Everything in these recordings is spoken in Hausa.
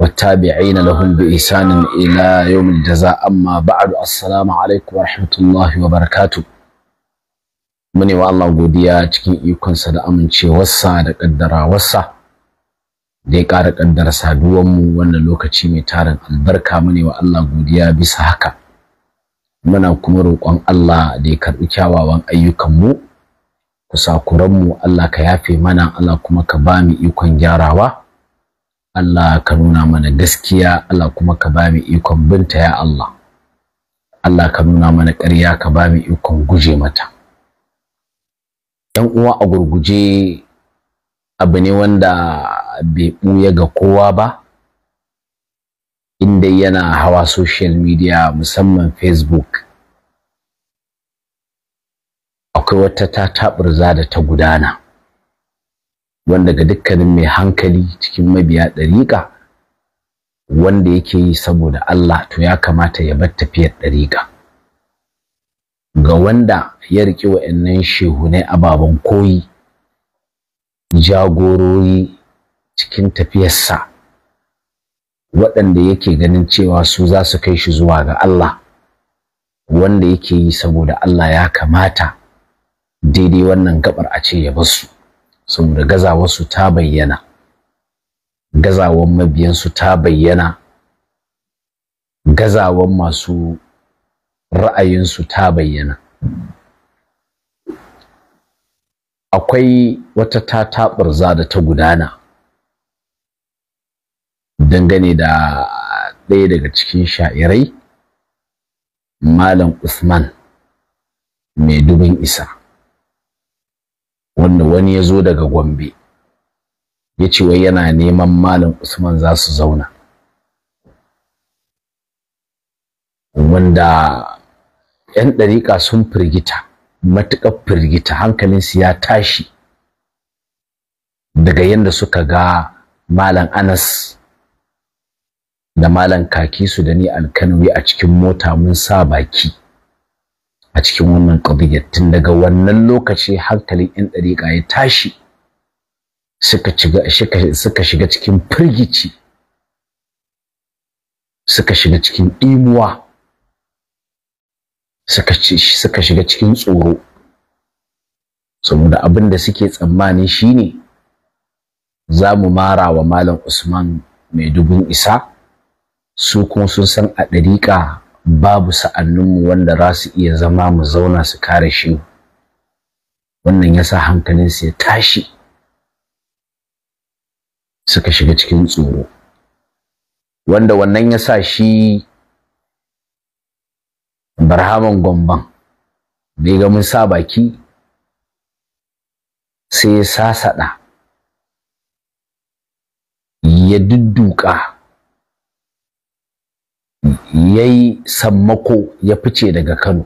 والتابعين لهم بإحسان إلى يوم الجزاء da za, amma ba'adu ورحمة الله وبركاته muni wa Allah godiya cikin ikonsa da amincewarsa da kaddarawarsa da ya ƙara kaddara mu wannan lokaci mai taron albarka muni wa Allah godiya bisa haka muna kuma roƙon Allah da ya karɓi kyawawan ayyukanmu kusakuranmu Allah ka yafe mana Allah kuma ka bami, mu ikon gyarawa Allah ka nuna mana gaskiya Allah kuma ka ba mu ikon binta ya Allah Allah ka nuna mana ƙarya ka ba mu ikon guje mata ɗan uwa a gurguje abu ne wanda bai ɓuya ga kowa ba inda yana hawa social media musamman facebook akwai wata ta taɓurza da ta gudana wanda ga dukkanin mai hankali cikin mabiya ɗariƙa wanda yake yi saboda Allah to ya kamata ya bar tafiyar ɗariƙa ga wanda ya riƙi wa'annan shehunai ababen koyi jagorori cikin tafiyarsa waɗanda yake ganin cewa su za su kai shi zuwa ga Allah wanda yake yi saboda Allah ya kamata daidai wannan gabar a ce ya bar su saboda gazawarsu ta bayyana gazawan mabiyansu ta bayyana gazawan masu ra'ayinsu ta bayyana akwai wata tataɓarza da ta gudana dangane da ɗaya daga cikin sha'irai malam usman mai dubin isa wanda wani ya zo daga Gombe ya ce wai yana neman Malam Usman za su zauna wanda 'yan ɗariƙa sun firgita matuƙar firgita hankalinsu ya tashi daga yadda suka ga Malam Anas da Malam Kakisu da ni alkanwi a cikin mota mun sa baki a cikin wannan qadiyya tun daga wannan lokaci hankalin yan dariƙa ya tashi suka shiga suka shiga cikin firgici suka shiga cikin imuwa suka suka shiga cikin tsoro saboda abin da suke tsammani shine za mu mara wa malam Usman mai dubun isa su kuma sun san a ɗariƙa babu sa'anninmu wanda za su iya zama mu zauna su kare shi wannan ya sa hankalinsu ya tashi suka shiga cikin tsoro wanda wannan ya sa shi barhaman gomban bai ga mun sa baki sai ya sasaɗa ya dudduka ya sammako ya fice daga kano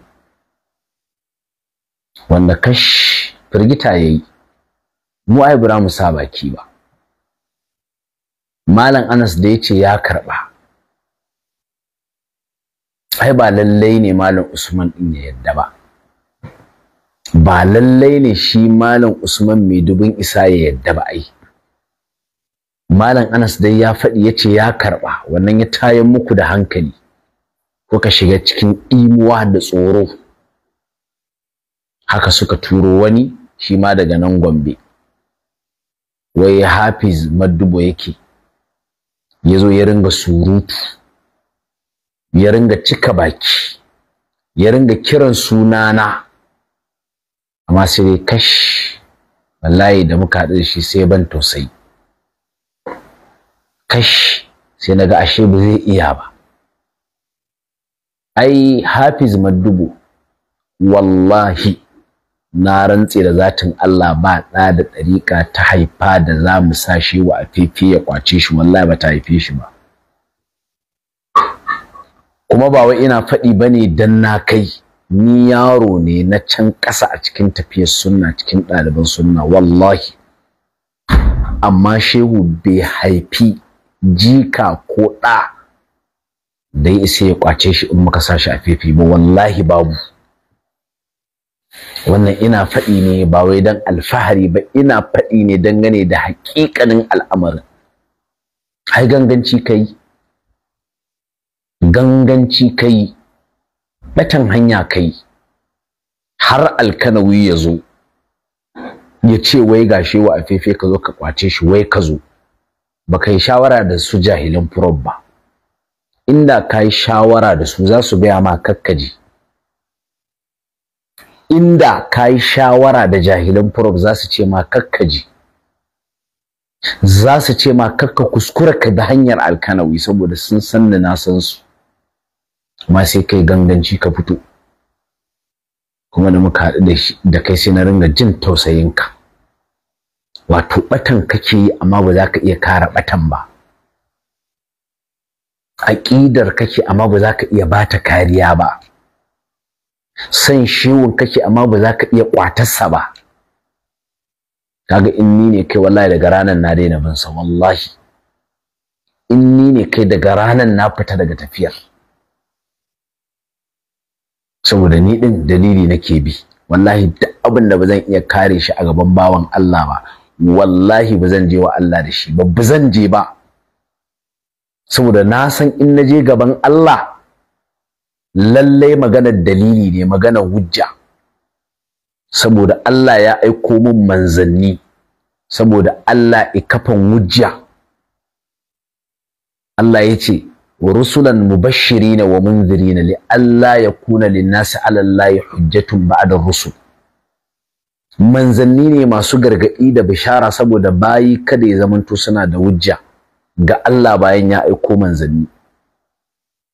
wanda kash firgita ya yi mu ai bura mu sa baki ba malam anas da ya ce ya karɓa ai ba lallai ne malam usman ɗin ya yadda ba ba lallai ne shi malam usman mai dubin isa ya yadda ba ai malam anas dai ya faɗi ya ce ya karɓa wannan ya tayan muku da hankali kuka shiga cikin imuwa da tsoro haka suka turo wani shi ma daga nan gombe wai hafiz maddubo yake ya zo ya ringa surutu ya ringa cika baki ya ringa kiran sunana amma sai dai kash wallahi da muka haɗu da shi sai ban tausayi kashi sai na ga ashe ba zai iya ba ai hafiz maddubu wallahi na rantse da zatin Allah ba da ɗariƙa ta haifa da za mu sa shi wa afifi ya kwace shi wallahi ba ta haife shi ba kuma ba wai ina faɗi ba ne don na kai ni yaro ne na can ƙasa a cikin tafiyar sunna cikin ɗaliban sunna wallahi amma shehu bai haifi jika ko ɗa da ya isa ya kwace shi in muka sa shi a fefe ba wallahi babu wannan ina faɗi ne ba wai don alfahari ba ina faɗi ne dangane da haƙiƙanin al'amarin ai ganganci kai ganganci kai batan hanya kai har alkanawi ya zo ya ce wai gashe wa a kazo ka zo kwace shi wai kazo. baka yi shawara da su jahilin furob ba inda ka yi shawara da su za su gaya ma kakkaji inda ka yi shawara da jahilin furob za su ce ma kakkaji za su ce ma kakka kuskura ka da hanyar alkanawi saboda sun san da na san su ma sai kai ganganci ka fito kuma da muka haɗu da kai sai na ringa jin tausayinka wato batan kake yi amma ba za ka iya kara batan ba aƙidar kake amma ba za ka iya bata kariya ba san shiwon kake amma ba za ka iya ƙwatarsa ba kaga in ni ne kai wallahi daga ranar na daina bin sa wallahi in ni ne kai daga ranar na fita daga tafiyar saboda ni din dalili nake bi wallahi duk abin da ba zan iya kare shi a gaban bawan Allah ba wallahi ba zan je wa Allah da shi ba ba zan je ba saboda na san in na je gaban Allah lallai maganar dalili ne maganar hujja saboda Allah ya aiko min manzanni saboda Allah kafan hujja Allah ya ce wa rusulan mubashirina wa munzirina li Allah yakuna lin-nasi 'ala Allah hujjatun ba'da rusul manzanni ne masu gargaɗi da bishara saboda bayi kada ya zamanto suna da wujja ga Allah bayan ya aiko manzanni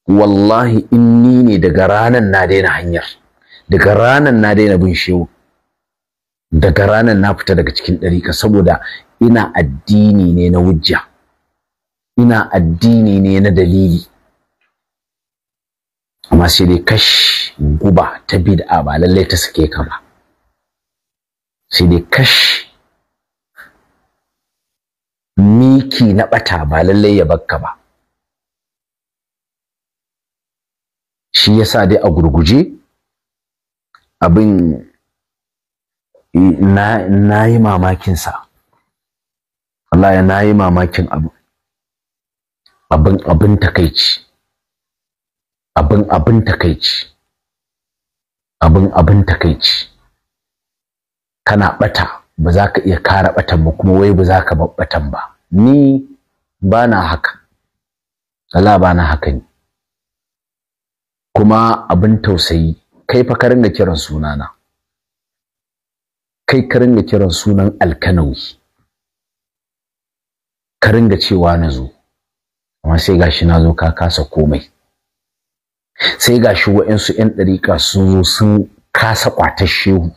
wallahi inni ne daga ranan na daina hanyar daga ranan na daina bin shehu daga ranan na fita daga cikin ɗarika saboda ina addini ne na wujja ina addini ne na dalili amma sai dai kash guba ta bid'a ba lallai ta sake ka ba sai dai kash miki na ɓata ba lallai ya bakka ba shi yasa dai a gurguje abin na yi mamakinsa Allah na yi mamakin abin abin abin takaici abin abin takaici abin abin takaici kana bata ba za ka iya kara batan ba kuma wai ba za ka babbatan ba ni ba na haka Allah ba na haka ne kuma abin tausayi kai fa ka ringa kiran sunana kai ka ringa kiran sunan alkanawi ka ringa cewa na zo amma sai gashi na zo ka kasa komai sai gashi wa'insu 'yan ɗariƙa sun zo sun kasa ƙwatar shehu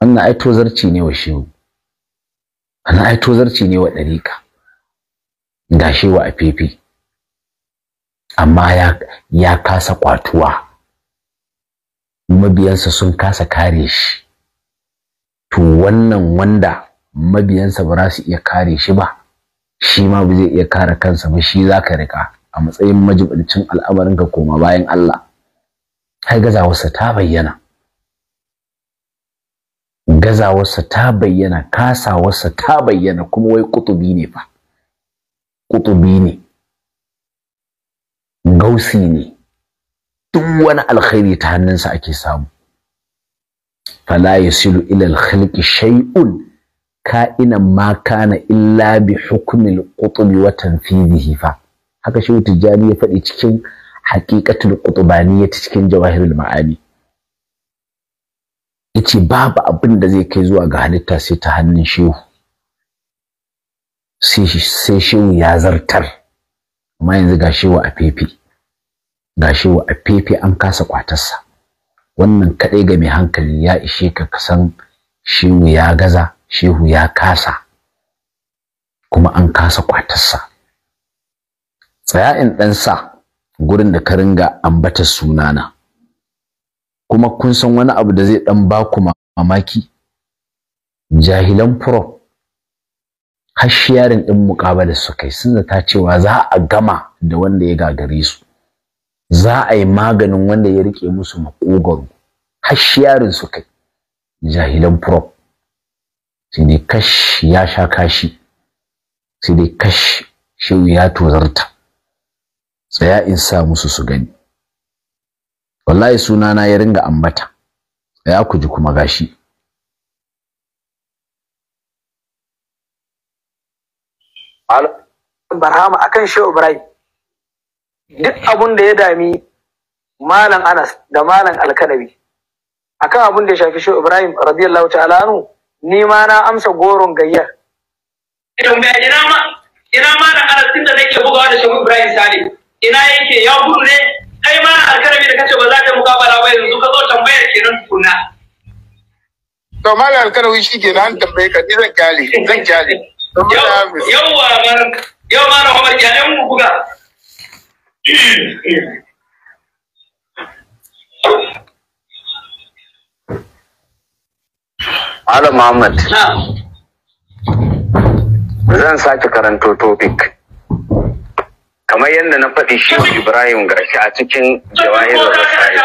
wannan ai tozarci ne wa shehu wannan ai tozarci ne wa ɗariƙa ga shewa a fefe amma ya, ya kasa kwatuwa mabiyansa sun kasa kare shi to wannan wanda mabiyansa ba za su iya kare shi ba shi ma ba zai iya kare kansa ba shi za ka rika a matsayin majibincin al'amarinka koma bayan Allah har gazawarsa ta bayyana gazawarsa ta bayyana kasawarsa ta bayyana kuma wai kutubi ne fa kutubi ne gausi ne duk wani alkhairi ta hannunsa ake samu fala yasilu ila alkhalqi shay'un ka'inan ma kana illa bi hukmil qutubi wa tanfidihi fa haka shi tijjani ya faɗi cikin haqiqatul qutbaniyya cikin jawahirul ma'ani yace babu abin da zai kai zuwa ga halitta sai ta hannun shehu sai shehu ya zartar amma yanzu ga shehu a fefe ga shehu a fefe an kasa kwatarsa wannan kadai ga mai hankali ya ishe ka kasan shehu ya gaza shehu ya kasa kuma an kasa kwatarsa tsaya in dan sa gurin da ka ringa ambata sunana kuma kun san wani abu da zai dan ba ku mamaki jahilan prop ɗin din mukabala su kai sun ta cewa za a gama da wanda ya gagare su za a yi maganin wanda ya rike musu makogaro hashiyarin su kai jahilan prop sai dai kash ya sha kashi sai dai kash shehu ya tozarta tsaya in sa musu su gani wallahi sunana ya ringa ambata ya ku ji kuma gashi barhama akan shehu ibrahim duk abun da ya dami malam anas da malam alkanabi akan abun da ya shafi shehu ibrahim radiyallahu ta'ala anhu ni ma na amsa goron gayyar idan bai ina ma ina ma da anas din da nake bugawa da shehu ibrahim sale ina yake ya gudu ne kai ma alkalami da kace ba za ta mukabala ba yanzu ka zo tambayar kenan tukuna to mallam alkalami shi ke nan tambaye ka zan kyale zan kyale yawwa mar yau mar na ya kyalen mu buga Malam Muhammad. Zan sake karanto topic. kamar yadda na faɗi shehu ibrahim gashi a cikin jawahirar rasa'il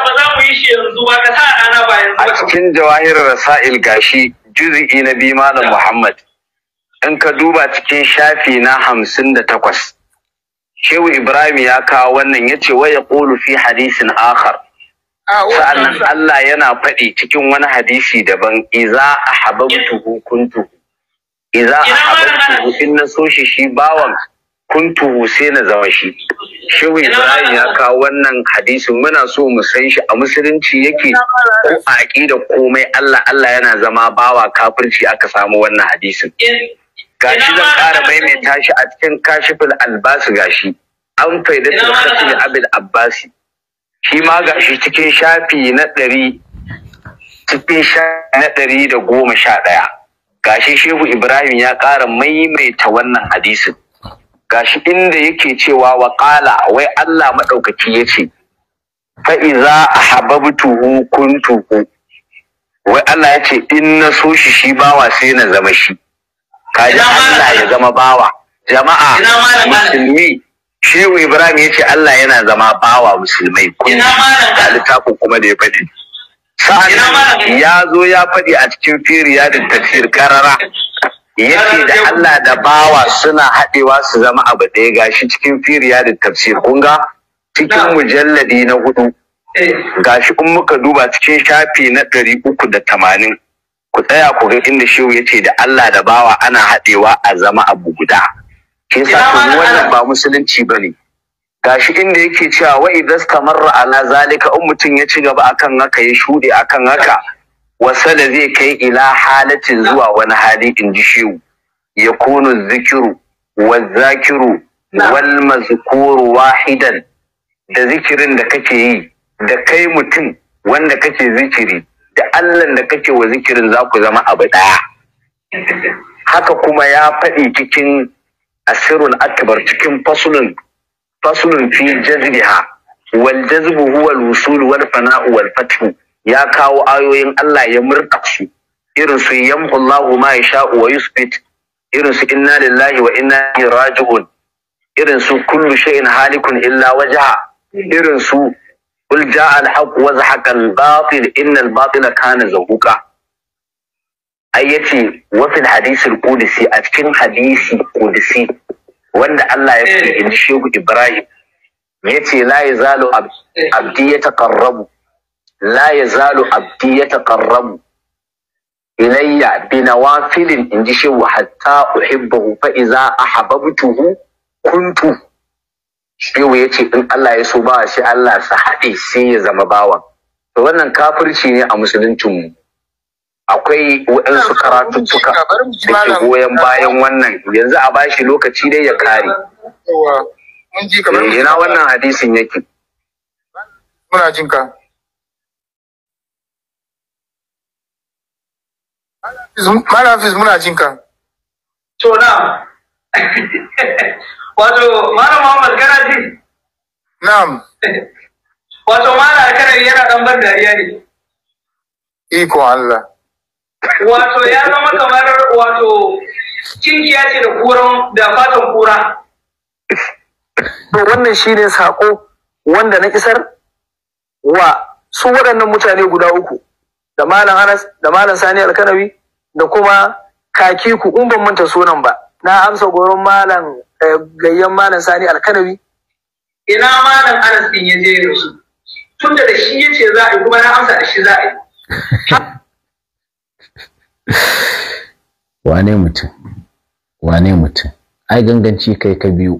a cikin jawahirar rasa'il gashi juzi'i na biyu malam muhammad in ka duba cikin shafi na hamsin da takwas shehu ibrahim ya kawo wannan ya ce waya ƙulu fi hadisin akhar sa'annan allah yana faɗi cikin wani hadisi daban iza a hababtuhu kuntu iza a hababtuhu in na so shi shi bawan kuntu Husaina shi. Shehu Ibrahim ya kawo wannan hadisin muna so mu san shi a musulunci yake ko a aqida komai Allah Allah yana zama bawa kafirci aka samu wannan hadisin gashi zan ƙara maimaita shi a cikin kashiful albasi gashi an faida faidatul khatmi abul Abbas shi ma gashi cikin shafi na ɗari cikin shafi na ɗari da goma sha ɗaya gashi shehu ibrahim ya ƙara maimaita wannan hadisin gashi inda yake cewa wa qala wai Allah madaukaki yace fa iza ahabbtuhu kuntuhu wai Allah yace in na so shi shi bawa sai na zama shi kaji Allah ya zama bawa jama'a musulmi shehu ibrahim yace allah yana zama bawa musulmai da littafin kuma da ya faɗi sa'an ya zo ya faɗi a cikin firiya da tafsir karara yace da Allah da bawa suna haɗewa su zama abu ɗaya gashi cikin firiya da tafsir kun ga cikin mujalladi na hudu eh. gashi in muka duba cikin shafi na ɗari uku da tamanin ku tsaya ku ga inda shehu yace da Allah da bawa ana haɗewa a zama abu guda kin sa wannan ba musulunci bane gashi inda yake cewa wa idastamarra ala zalika in mutum ya ci gaba akan haka ya shuɗe akan haka wasala zai kai ila halacin zuwa wani hali in ji shehu ya kunu zikiru wa zakiru wal mazkuru wahidan da zikirin da kake yi da kai mutum wanda kake zikiri da Allah da kake wa zikirin za ku zama abu ɗaya haka kuma ya faɗi cikin asirul akbar cikin fasulun fasulun fi jazbiha wal jazbu huwa al wusul wal fana'u wal fathu ya kawo ayoyin Allah ya murka su irin su yamhu Allahu ma yasha'u wa yusbit irin su inna lillahi wa inna ilaihi raji'un irin su kullu shay'in halikun illa wajha irin su qul ja'a al-haqq wa zahaqa al-batil inna al-batila kana zahuqa ai yace wa fil hadisi al-qudsi a cikin hadisi qudsi wanda Allah ya fi in Shehu Ibrahim yace la yazalu abdi ya la zalu abdi yataqarrabu ilayya bi in inji shehu hatta uhibbahu fa iza tuhu kuntu shehu yace in Allah ya so ba shi Allah sa haɗe sai ya zama bawa to wannan kafirci ne a musuluncin mu akwai waɗansu karatuttuka da ke goyon bayan wannan yanzu a shi lokaci dai ya kare ina wannan hadisin yake muna Malam Hafiz muna jin ka. To na. Wato Malam Muhammad kana ji? Na'am. Wato Malam Alkanar yana dan ban dariya ne. Iko Allah. Wato ya zama kamar wato kinkiya ce da kuran da fatan kura. To wannan shine sako wanda na isar wa su waɗannan mutane guda uku da Malam Anas da Malam Sani Alkanawi da kuma kaki ku in ban manta sunan ba na amsa goron malam eh, gayyan malam sani alkanawi ina malam anas din ya je da su tun da shi ya ce za a yi kuma na amsa da shi za a yi wane mutum wane mutum ai ganganci kai ka biyu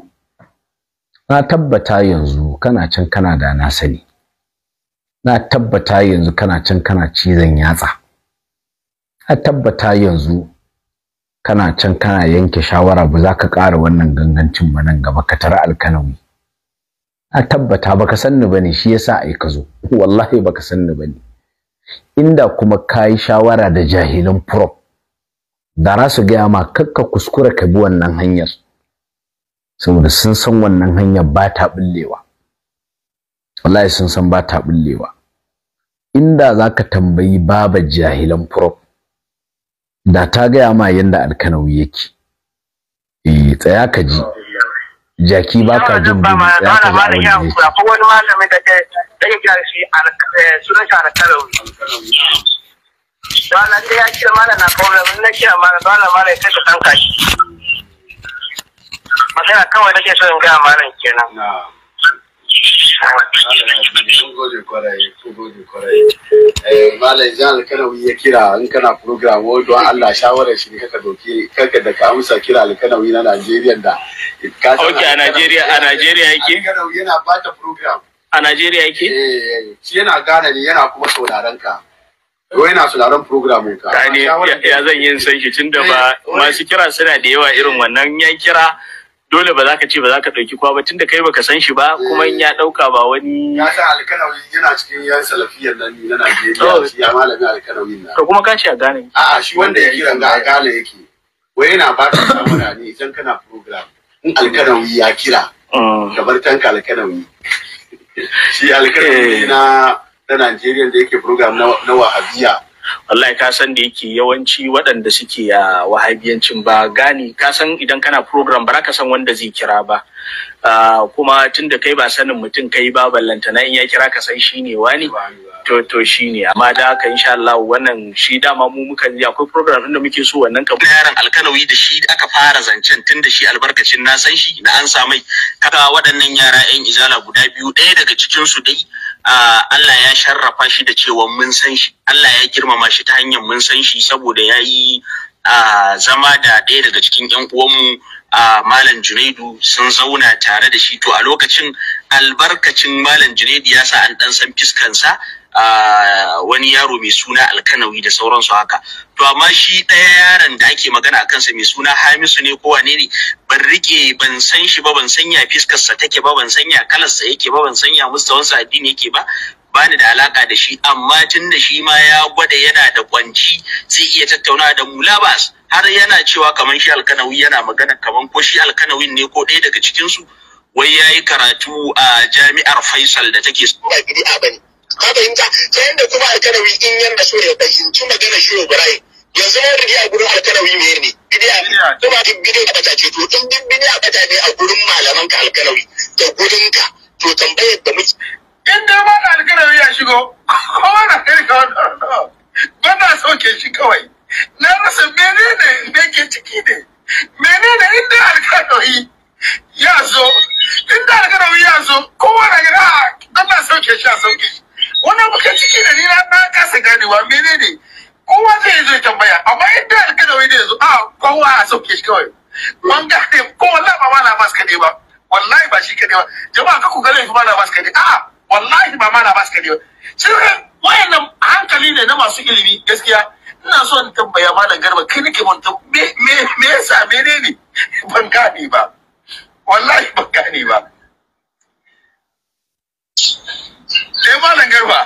na tabbata yanzu kana can kana da na sani na tabbata yanzu kana can kana cizon yatsa a tabbata yanzu kana can kana yanke shawara ba za ka ƙara wannan gangancin ba nan gaba ka tara alkanawi a tabbata baka sanni bane shi yasa ai ka zo wallahi baka sanni bane inda kuma kayi shawara da jahilin prop da rasu su gaya ma kakka kuskura ka bi wannan hanyar saboda sun san wannan hanyar ba ta bullewa wallahi sun san ba ta bullewa inda za ka tambayi baba jahilan prop da ta gaya ma yanda alkanawi yake eh tsaya ka ji jaki ba ka jin ba ma ka ji abin da yake akwai wani malami da ke da ke kira shi eh, sunan shi alkanawi dole sai ya kira mana na problem na kira mana dan mana ya kai ka tanka shi magana kawai nake so in ga malam kenan Malam Jan Alkanawi ya kira in kana program wai don Allah shawarar shi kaka doke kaka da ka amsa kira Alkanawi na Najeriya da ka san Okay a Najeriya a Najeriya yake Alkanawi yana bata program a Najeriya yake eh shi yana gane ni yana kuma sauraron ka ko yana sauraron program ka ya zan yin sanki shi tunda ba masu kira suna da yawa irin wannan yan kira dole ba za ka ce ba za ka ɗauki kwa ba tunda kai baka san shi ba kuma in ya eh. ɗauka ba wani ya san alkanawi yana cikin yan salafiyar nan na Najeriya oh. shi ya malami alkanawi na to kuma kashi a gane a'a shi wanda ya kiran ga a gane yake wai yana ba ka samuna ne idan kana program in alkanawi ya kira oh. ka bar tanka alkanawi shi alkanawi eh. na na Najeriya da yake program na wahabiya wallahi ka san da yake yawanci waɗanda suke a wahabiyancin ba gani ka san idan kana program ba ka san wanda zai kira ba kuma tun da kai ba sanin mutum kai ba na in ya kira ka san shi ne wani to to shi ne amma da haka insha Allah wannan shi dama mu muka ji akwai program inda muke so wannan ka yaran alkanawi da shi aka fara zancen tun da shi albarkacin na san shi na an mai kaga waɗannan yara yan izala guda biyu ɗaya daga cikin su dai Allah ya sharrafa shi da cewa mun san shi Allah ya girmama shi ta hanyar mun san shi saboda ya yi zama da ɗaya daga cikin 'yan uwanmu malam junaidu sun zauna tare da shi to a lokacin albarkacin malam Junaidu ya sa an dan san fiskansa wani yaro mai suna alkanawi da sauransu haka to amma shi ɗaya yaron da ake magana a kansa mai suna hamisu ne ko wane ne ban rike ban san shi ba ban san ya fiskarsa take ba ban san ya kalarsa yake ba ban san ya mustawansa addini yake ba bani da alaka da shi amma tun da shi ma ya gwada yana da kwanci zai iya tattauna da mu labas har yana cewa kamar shi alkanawi yana magana kamar ko shi alkanawin ne ko ɗaya daga cikinsu su wai yayi karatu a jami'ar Faisal da take ba bid'a bane ka fahimta ta yanda kuma alkarawi in yanda so ya fahimci magana shi Ibrahim yanzu ne gidi a gurin alkarawi me ne bid'a kuma duk a bata ce to in duk a bata ne a gurin malaman ka alkarawi da gurin ka to tambayar da muke in da ma alkarawi ya shigo ko na kai ka bana ke shi kawai na rasa menene ne ke ciki ne menene inda alkalawi ya zo in da daga rauni ya zo kowa na gani ah, a sauke shi a sauke shi wannan bakin ciki da ni na kasa mene ne? kowa zai zai tambaya amma in da daga rauni da ya zo a ah, kowa a sauke shi kawai ban gane ko wallahi ba ma na basu kaɗai ba wallahi ba shi kaɗai ba jama'a ka ku ga laifi ma na basu kaɗai A ah, wallahi ba ma na basu kaɗai ba Shirka wayannan hankali ne na masu ilimi gaskiya ina so in tambaya malam garba kai nake mun me me me yasa menene ban gane ba wallahi ba gane ba sai malam garba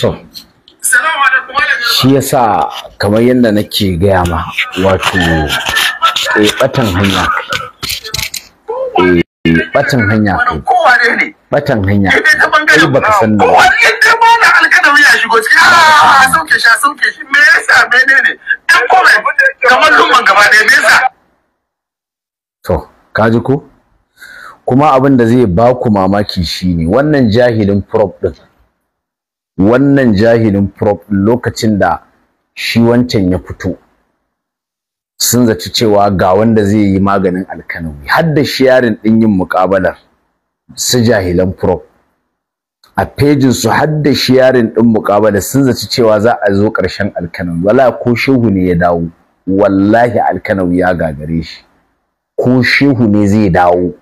to shi yasa kamar yadda nake gaya ma wato eh, batan hanya batan eh, hanya batan hanya kai ka san da ba ya shigo a ah, sauke shi a sauke shi me yasa menene dan kome kamar lumban gaba ɗaya me yasa to kaji ko kuma abin da zai ba ku mamaki shine wannan jahilin prop din wannan jahilin prop lokacin da shi wancan ya fito sun zaci cewa ga wanda zai yi maganin alkanawi har da yarin din yin muƙabalar su jahilan prop a pejin su har da yarin din muƙabalar sun zaci cewa za a zo ƙarshen alkanawi wala ko shehu ne ya dawo wallahi alkanawi ya gagare shi ko shehu ne zai dawo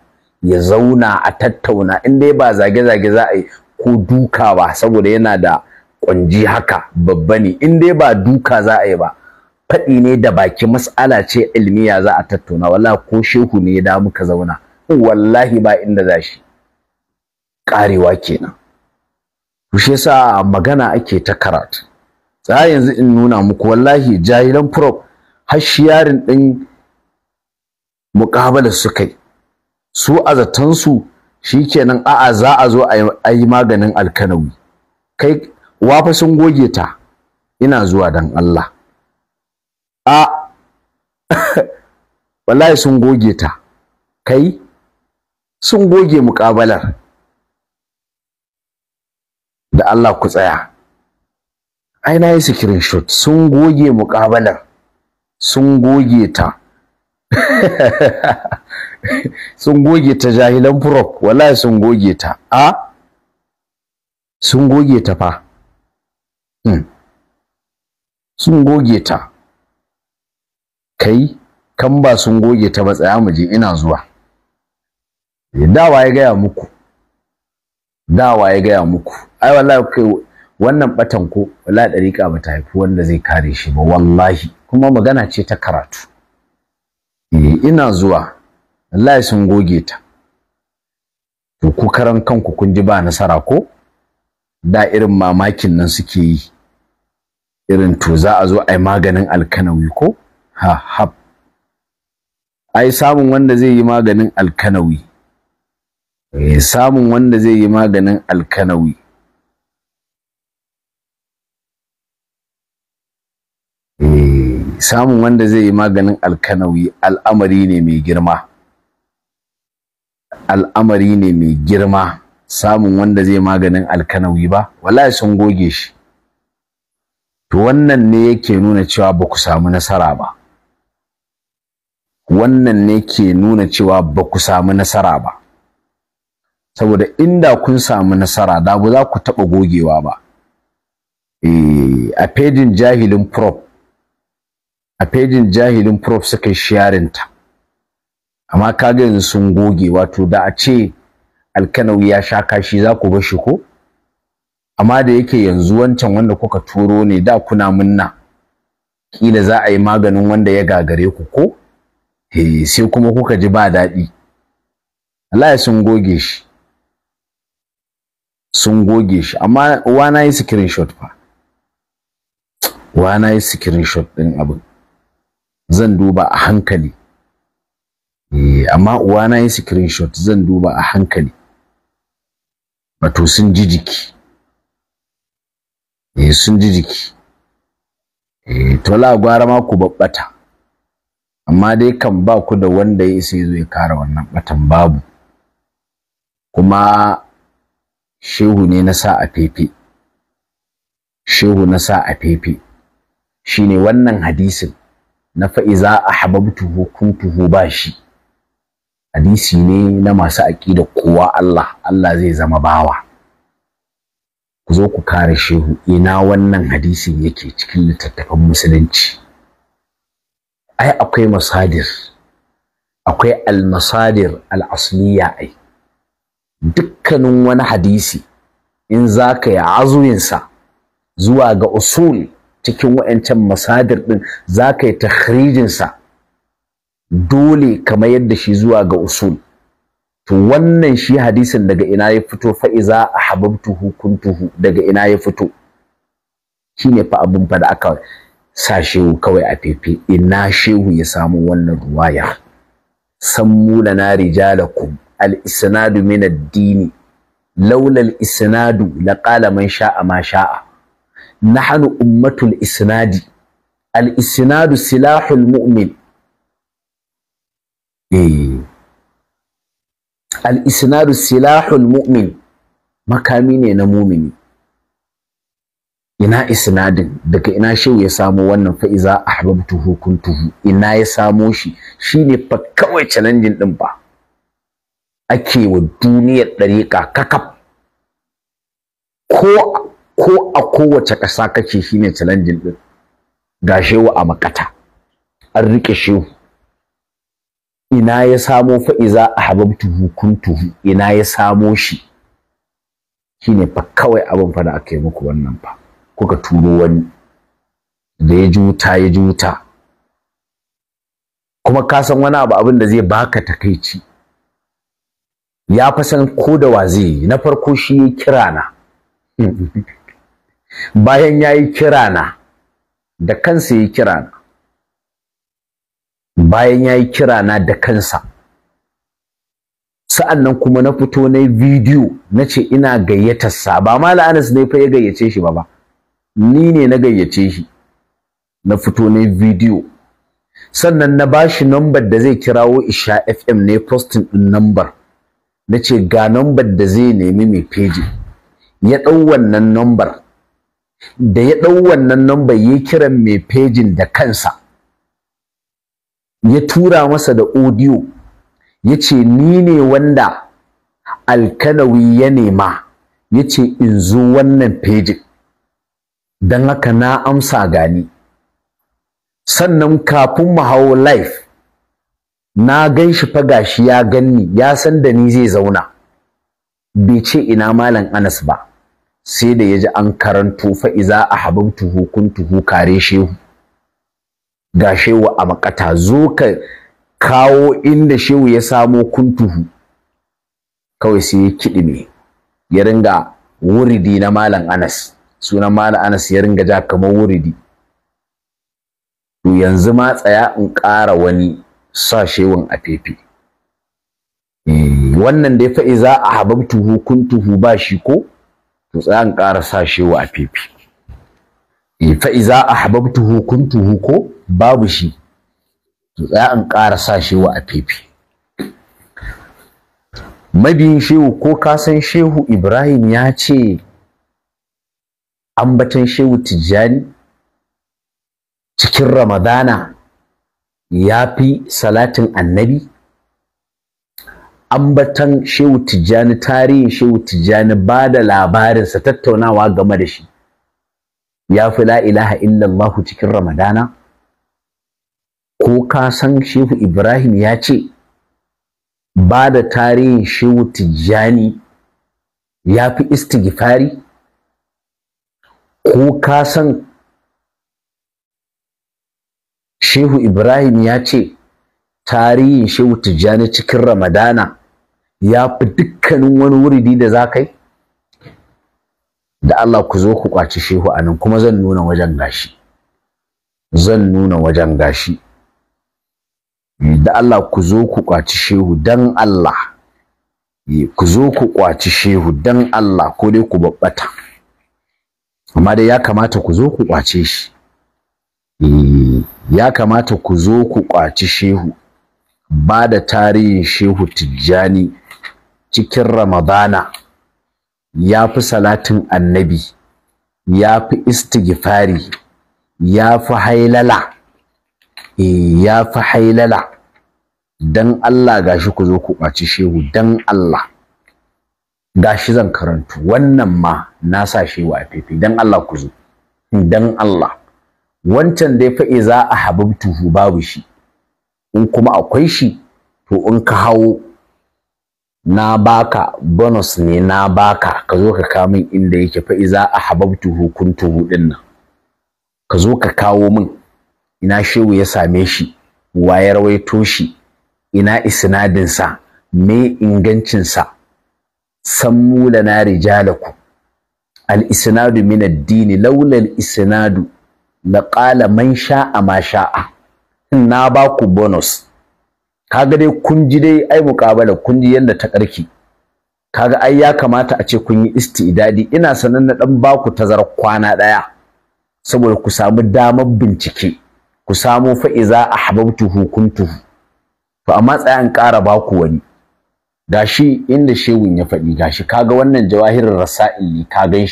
ya zauna a tattauna in dai ba zage-zage za a yi ko duka ba saboda yana da ƙwanji haka babba ne in dai ba duka za a yi ba faɗi ne da baki mas'ala ce ilmiya za a tattauna wala ko shehu ne ya da muka zauna wallahi ba inda za shi ƙarewa kenan to shi sa magana ake ta karatu za yanzu in nuna muku wallahi jahilan prof har yarin ɗin muƙabala su kai su a zatansu shikenan a'a za a zo a yi maganin alkanawi kai wafa sun goge ta ina zuwa dan Allah a wallahi sun goge ta kai sun goge mukabalar. da Allah ku tsaya ai na yi screenshot sun goge mukabalar, sun goge ta sun goge ta jahilan furok wallahi sun goge ta a sun goge ta fa hmm. sun goge ta kai kan ba sun goge ta ba tsaya mu je ina zuwa eh, dawa ya gaya muku dawa ya gaya muku ai wallahi kai wannan batan ko wallahi dariƙa bata haifi wanda zai kare shi ba wallahi kuma magana ce ta karatu Eh, ina zuwa Allah sun goge ta to ku karan kanku kun ji ba nasara ko da irin mamakin nan suke yi irin to za a zo a yi maganin alkanawi ko ha ha ai samun wanda zai yi maganin alkanawi eh, samun wanda zai yi maganin alkanawi samun wanda zai yi maganin alkanawi al'amari ne mai girma al'amari ne mai girma samun wanda zai maganin alkanawi ba ya sun goge shi to wannan ne yake nuna cewa ba ku samu nasara ba wannan ne ke nuna cewa ba ku samu nasara ba saboda inda kun samu nasara da ba za ku taɓa gogewa ba eh, a fejin jahilin prop a fejin jahilin prof suka sharing ta amma kaga yanzu sun goge wato da a ce alkanawi ya sha kashi za ku bashi ko amma da yake yanzu wancan wanda kuka turo ne da kuna munna kila za a yi maganin wanda ya gagare ku ko eh, sai kuma kuka ji ba daɗi Allah ya sun goge shi sun goge shi amma wa na yi screenshot fa Wa na yi screenshot din abin zan duba a hankali eh, amma uwana yi screenshot zan duba a hankali wato sun ji jiki eh sun ji jiki eh to la gwara ma ku babbata amma dai kan ba ku da wanda ya isa zo ya kare wannan batan babu kuma shehu ne na sa a fefe shehu na sa a fefe shine wannan hadisin na fa'iza ahbabtuhu kuntuhu bashi hadisi ne na masu aqida kowa Allah Allah zai zama bawa ku zo ku kare shehu ina wannan hadisin yake cikin littattafan musulunci ai akwai masadir akwai almasadir asliya ai dukkanin wani hadisi in za ka yi azuminsa zuwa ga usul cikin wa'ancan masadir ɗin za ka yi tahrijinsa dole kamar yadda shi zuwa ga usul to wannan shi hadisin daga ina ya fito fa'iza a hababtuhu kuntuhu daga ina ya fito shi ne fa abin fa da aka sa shehu kawai a fefe ina shehu ya samu wannan ruwaya sammu na rijalakum al-isnadu min ad-dini laula al-isnadu qala man sha'a ma sha'a nahnu ummatul isnadi al isnadu silahul mu'min eh. al isnadu silahul mu'min makami ne na mumini ina isnadin daga ina shehu ya samo wannan fa iza ahbabtuhu kuntuhu ina ya samo shi shine fa kawai challenge din ba ake wa duniyar dariƙa kakaf ko ko a kowace ƙasa kake shine challenging din ga shehu a makata an rike shehu ina ya samo fa'iza ahbabtu hukuntu ina ya samo shi shine fa kawai abin fa da aka yi muku wannan fa kuka turo wani da ya juta ya juta kuma ka san wani abu abin da zai baka takaici ya fa san ko da wa zai na farko shi ya kira na bayan ya yi kirana da kansa ya yi kirana bayan ya yi kirana da kansa sa'an nan kuma na fito na yi bidiyo na ce ina gayyatarsa ba ma la'anas ne fa ya gayyace shi ba ba ni ne na gayyace shi na fito na yi bidiyo sannan na ba shi nambar da zai kirawo isha fm ne postin ɗin nambar na ce ga nambar da zai nemi mai feji ya ɗau wannan nambar da ya ɗau wannan namba ya kiran mai fejin da kansa ya tura masa da odiyo ya ce ni ne wanda alkanawi ya nema ya ce in zo wannan fejin don haka na amsa gani sannan kafin mu hau na gan shi fa gashi ya ganni ya san da ni zai zauna bai ce ina malam Anas ba sai da yaji ji an karanto fa'iza a tuhu kuntuhu kare shehu ga shehu a makata zo ka kawo inda shehu ya samo kuntuhu kawai sai ya kidime ya ringa wuridi na malam anas sunan malam anas ya ringa ja kamar wuridi to yanzu ma tsaya in ƙara wani sa shehun a fefe eh, wannan dai fa'iza a tuhu kuntuhu ba shi ko to tsayan ƙara sa shi wa afifi eh, fa iza ahbabtuhu kuntuhu ko babu shi to tsaya an ƙara sa shi wa afifi mabiyin shehu ko ka san shehu Ibrahim ya ce ambatan shehu Tijjani cikin Ramadana ya fi salatin annabi ambatan shehu tijjani tarihin shehu tijjani ba da labarinsa tattaunawa game da shi ya fi la ilaha illallah cikin ramadana ko ka san shehu ibrahim ya ce ba da tarihin shehu tijjani ya fi istighfari ko ka san shehu ibrahim ya ce tarihin shehu tijjani cikin ramadana ya fi dukkanin wani wuridi da za ka yi? da Allah ku zo ku kwaci shehu a nan kuma zan nuna wajen gashi zan nuna wajen gashi da Allah ku zo ku kwaci shehu dan Allah ku zo ku kwaci shehu dan Allah ko dai ku babbata amma dai ya kamata ku zo ku kwace shi ya kamata ku zo ku kwaci shehu ba da tarihin shehu tijjani cikin ramadana ya fi salatin annabi ya fi istighfari ya fi hailala eh, ya fi hailala Don Allah ga shi ku zo ku ɓaci shehu don Allah gashi zan karantu wannan ma na sa shehu a fefe don Allah ku zo Don Allah wancan dai fa iza a habibtuhu babu shi in kuma akwai shi to in ka hawo na baka bonus ne na baka ka zo ka kawo min inda yake fa iza ahabbtu hukuntu din nan ka zo ka kawo min ina shehu ya same shi waye rawaito shi ina isnadin sa me ingancin sa sammu na rijalaku al isnadu min ad-din laula al isnadu qala man sha'a ma sha'a na baku bonus kaga dai kun ji dai ai muƙabala kun ji yanda ta karki kaga ai ya kamata a ce kun yi isti'dadi ina sanan na dan baku tazarar kwana daya saboda ku samu damar bincike ku samu fa iza ahbabtuhu kuntuhu to amma tsaya an ƙara baku wani gashi inda shehun ya faɗi gashi kaga wannan jawahirin rasa'il ne ka gan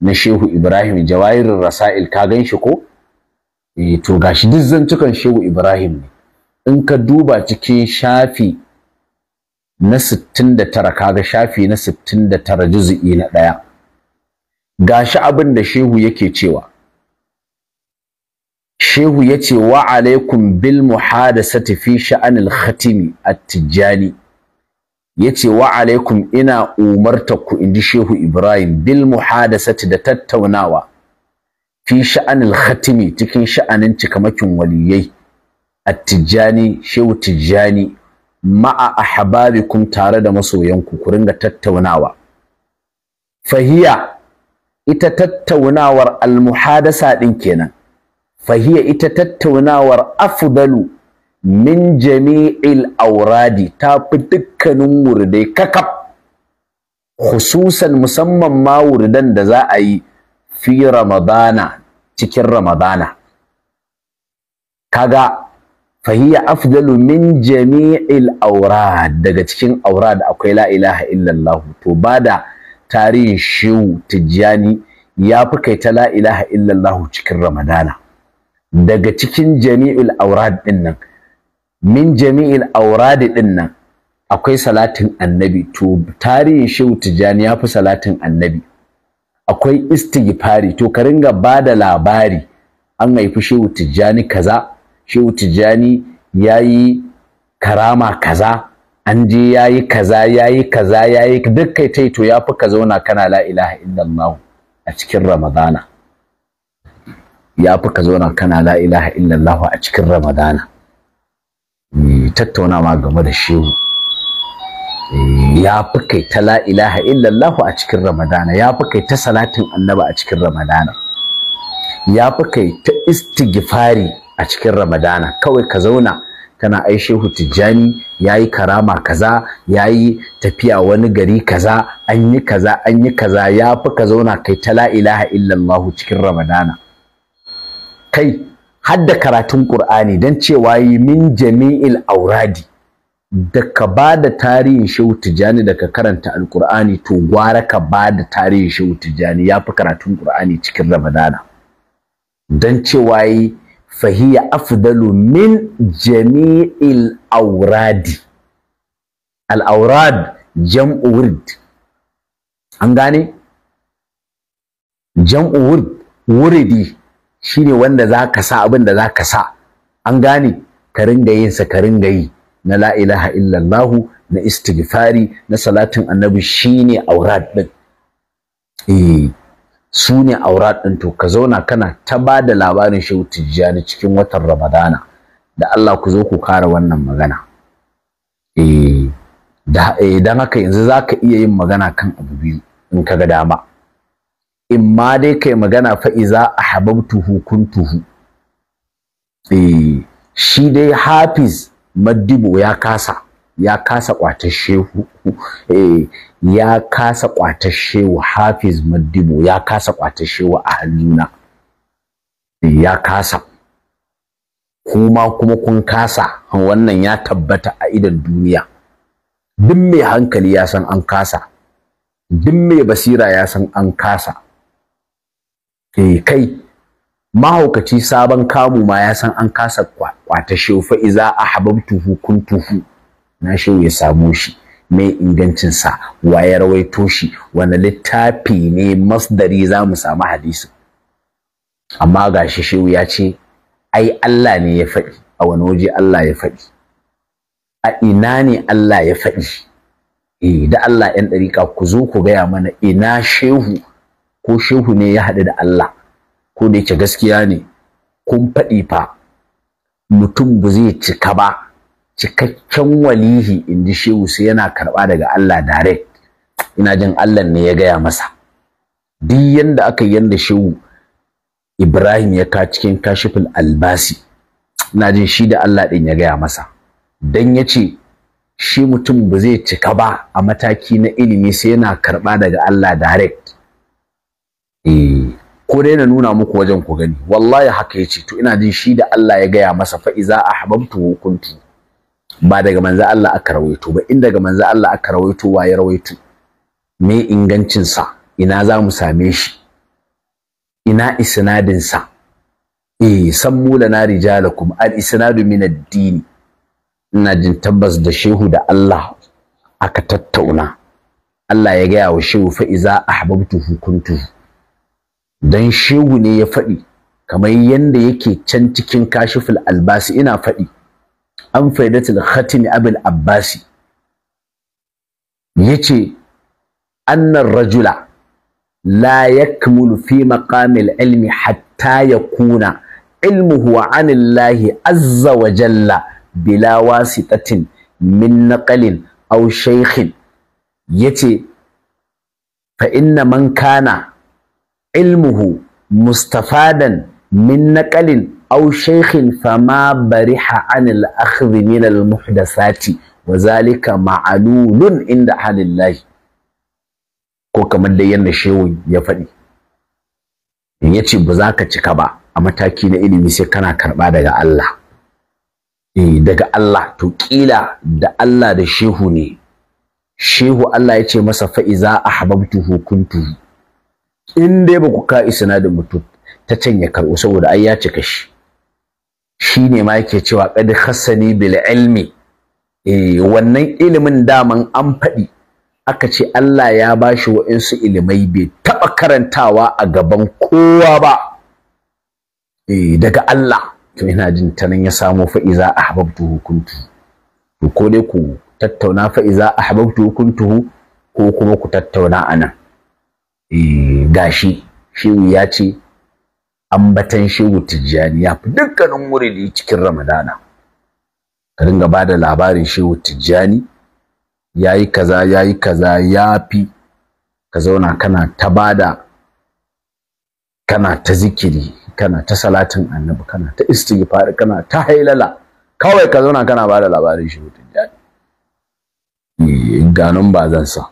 na shehu ibrahim jawahirin rasa'il ka gan shi ko eh to gashi duk zantukan shehu ibrahim ne in ka duba cikin shafi na 69 kaga shafi na 69 juz'i na ɗaya gashi abin da shehu yake cewa shehu yace wa alaikum bil muhadasati fi sha'anil khatimi at-tijani yace wa alaikum ina umarta ku inji shehu ibrahim bil muhadasati da tattaunawa fi sha'anil khatimi cikin sha'anin cikamakin waliyai Tijjani, shehu tijjani ma'a ahbabikum tare da masoyanku ku ringa tattaunawa fahiya ita tattaunawar almuhadasa din kenan fahiya ita tattaunawar afdalu min jami'il auradi ta fi dukkanin wurdai kakaf khususan musamman ma wurdan da za a yi fi ramadana cikin ramadana kaga fahiya afdalu min jami'il aurad daga cikin aurad akwai la ilaha illallah to bada tarihin shehu tijjani ya fi kai ta la ilaha illallah cikin ramadana daga cikin jami'il aurad din nan min jami'il aurad din nan akwai salatin annabi to tarihin shehu tijjani ya fi salatin annabi akwai istighfari to ka ringa bada labari an haifi shehu tijjani kaza shehu tijjani ya yi karama kaza an je ya yi kaza ya yi kaza ya yi duk kai ta to ya fi ka zauna kana la ilaha illallah a cikin ramadana ya fi ka zauna kana la ilaha illallah a cikin ramadana tattaunawa game da shehu eh, ya fi kai ta la ilaha illallah a cikin ramadana ya fi kai ta salatin annaba a cikin ramadana ya fi kai ta istigifari a cikin ramadana kawai ka zauna kana ai shehu tijjani ya yi karama kaza ya yi tafiya wani gari kaza an yi kaza an yi kaza ya fi ka zauna kai ta la ilaha illallahu cikin ramadana kai har da karatun qur'ani don cewa yi min jami'il auradi da ka ba da tarihin shehu tijjani da ka karanta alqur'ani to gwara ka ba da tarihin shehu tijjani ya fi karatun qur'ani cikin ramadana don cewa yi fahiya afdalu min jami'il auradi al-aurad jam'u wurd an gane jam'u wurd wuridi shine wanda zaka sa abin da zaka sa an gane ka ringa yin sa ka ringa yi na la ilaha illallahu na istighfari na salatin annabi shine aurad din eh su ne aurat ɗin to ka zauna kana ta ba da labarin shehu tijjani cikin watan ramadana da Allah ku zo ku kara wannan magana eh don eh, haka yanzu za ka iya yin magana kan abu biyu in ka ga dama in ma dai kai magana fa'iza a hababtuhu kuntuhu eh shi dai hafiz maddibo ya kasa ya kasa kwatar eh ya kasa kwatashe hafiz Madibo ya kasa kwatashe wa a eh, ya kasa kuma kuma kun kasa wannan ya tabbata a idan duniya duk mai hankali ya san an kasa duk mai basira ya san an kasa eh kai mahaukaci sabon kamu ma ya san an kasa kwatashe fa iza ahbabtuhu kuntuhu na shi ya samu shi mai ingancinsa wa ya rawaito shi wani littafi ne masdari za mu samu hadisi amma ga shi shehu ya ce ai Allah ne ya faɗi a wani waje Allah ya faɗi a ina ne Allah ya faɗi eh da Allah ɗan ɗariƙa ku zo ku gaya mana ina shehu ko shehu ne ya haɗu da Allah ko da yake gaskiya ne kun faɗi fa mutum ba zai cika ba cikakken walihi in ji shehu sai yana karɓa daga Allah direct ina jin Allah ne ya gaya masa duk yanda aka yanda shehu Ibrahim ya ka cikin kashifin albasi ina jin shi da Allah ɗin ya gaya masa dan ya ce shi mutum ba zai cika ba a mataki na ilimi sai yana karɓa daga Allah direct eh ko dai na nuna muku wajen ku gani wallahi haka ya ce. to ina jin shi da Allah ya gaya masa fa iza ahbabtu kuntu ba daga manzo Allah aka rawaito ba in daga manzo Allah aka rawaito wa ya rawaito me ingancin sa ina za mu same shi ina isnadin sa eh sammu na rijalakum al isnadu min ad-din ina jin tabbas da shehu da Allah aka tattauna Allah ya gaya wa shehu fa iza ahbabtuhu hukuntu dan shehu ne ya faɗi kamar yanda yake can cikin kashiful albasi ina faɗi an faidatul khatimi abul abbasi yace annar rajula la yakmulu fi maqamil ilmi hatta yakuna ilmuhu an Allah azza wa jalla bila wasitatin min naqalin aw shaykhin yace fa inna man kana ilmuhu mustafadan min naqalin aw shaykhin fama bariha anil akhdhi min al muhdasati wa zalika inda halillahi ko kamar da yanda shehu ya faɗi ya ce ba za ka cika ba a mataki na ilimi sai kana karɓa daga Allah eh daga Allah to kila da Allah da shehu ne shehu Allah ya ce masa fa'iza ahbabtuhu kuntuhu in dai ba ku ka isnadin mutum ta can ya karɓo saboda ai ya cika shi shine ma yake cewa qad khassani bil ilmi eh wannan ilimin daman an faɗi aka ce Allah ya bashi wa'insu ilimai bai taɓa karantawa a gaban kowa ba eh daga Allah to ina jin ta nan ya samo fa'iza ahbabtu kuntu to ko dai ku tattauna fa'iza ahbabtu kuntu ko kuma ku tattauna anan eh gashi shehu ya ce ambatan shehu tijjani ya fi dukkanin muridi cikin ramadana ka dinga ba da labarin shehu tijjani ya yi kaza ya yi kaza ya fi ka zauna kana ta bada kana ta zikiri kana ta salatin annabi kana ta istighfar kana ta hailala kawai ka zauna kana bada labarin shehu tijjani eh, ganin ba zan sa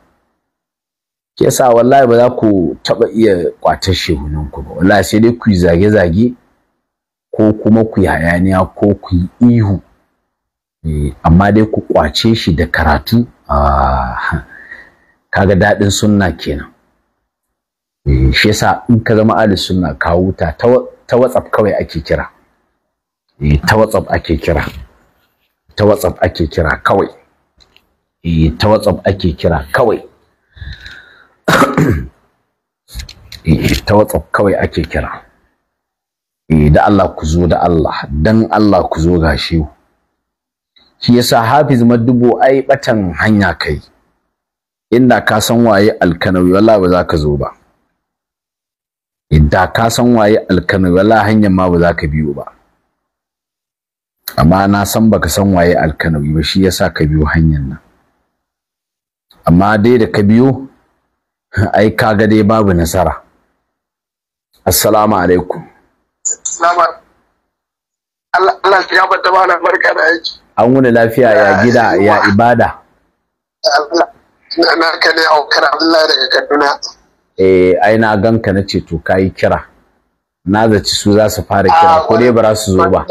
ke yasa wallahi ba za ku taɓa iya kwatar shehunan ku ba wallahi sai dai ku yi zage-zage ko kuma ku yi hayaniya ko ku yi ihu eh, amma dai ku kwace shi da karatu ah, kaga daɗin sunna kenan eh, shi yasa in ka zama ahli sunna ka huta ta WhatsApp kawai ake kira eh, ta WhatsApp ake kira ta WhatsApp ake kira kawai ta WhatsApp ake kira kawai Eh, ta kawai ake kira eh, da Allah ku zo da Allah dan Allah ku zo gashi shi yasa Hafiz madubo ai batan hanya kai inda ka san waye alkanawi wallahi ba za ka zo ba inda ka san waye alkanawi wallahi hanyar ma ba za ka biyo ba amma na san baka san waye alkanawi ba shi yasa ka biyo hanyar nan amma dai da ka biyo ai kaga dai babu nasara assalamu alaikum Allah ya barka da aiki an wuni lafiya ya gida ya ibada na ka ne aukar Allah daga Kaduna eh ai na ganka to kai kira na zaci su za su fara kira ko dai ba za su zo ba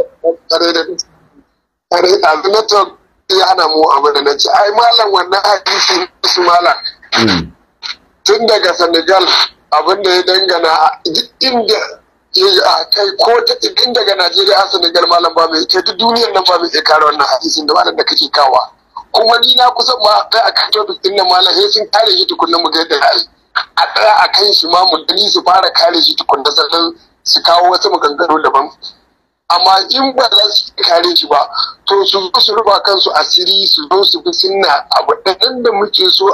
ya su malam tun daga senegal abinda ya dangana inda a kai ko ta tun daga najeriya a senegal malam ba mai ke duk duniyar nan ba mai iya kare wannan hadisin da malam da kake kawa kuma ni na kusan ma kai a kan topic din nan malam sai sun kare shi tukunna mu ga yadda a tsaya a kan shi ma mu dani su fara kare shi tukunna sannan su kawo wasu maganganu daban amma in ba za su kare shi ba to su su rufa kansu asiri su zo su bi sunna abu ɗan da muke so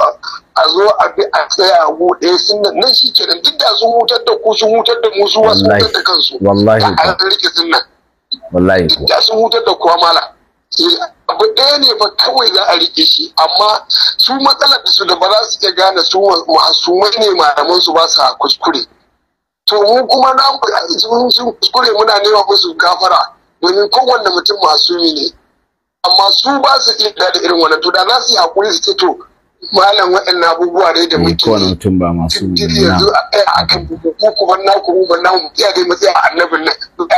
a zo a bi a tsaya go ɗaya sun nan nan shi kenan duk da sun hutar da ku sun hutar da mu wasu sun hutar da kansu wallahi ta an rike sun nan wallahi duk da sun hutar da kuwa mala eh, abu ɗaya ne ba kawai za a rike shi amma su matsalar da su da ba za su iya gane su masumai ne malaman su ba sa kuskure to mu kuma na sun kuskure muna nema musu gafara domin kowanne mutum masumi ne amma su ba su iya da irin wannan to da za su yi hakuri su ce to malam waɗannan abubuwa ne da muke kowane mutum ba masu yanzu a tsaya a kan buku kuma na ku mu na mu tsaya dai mu tsaya annabin nan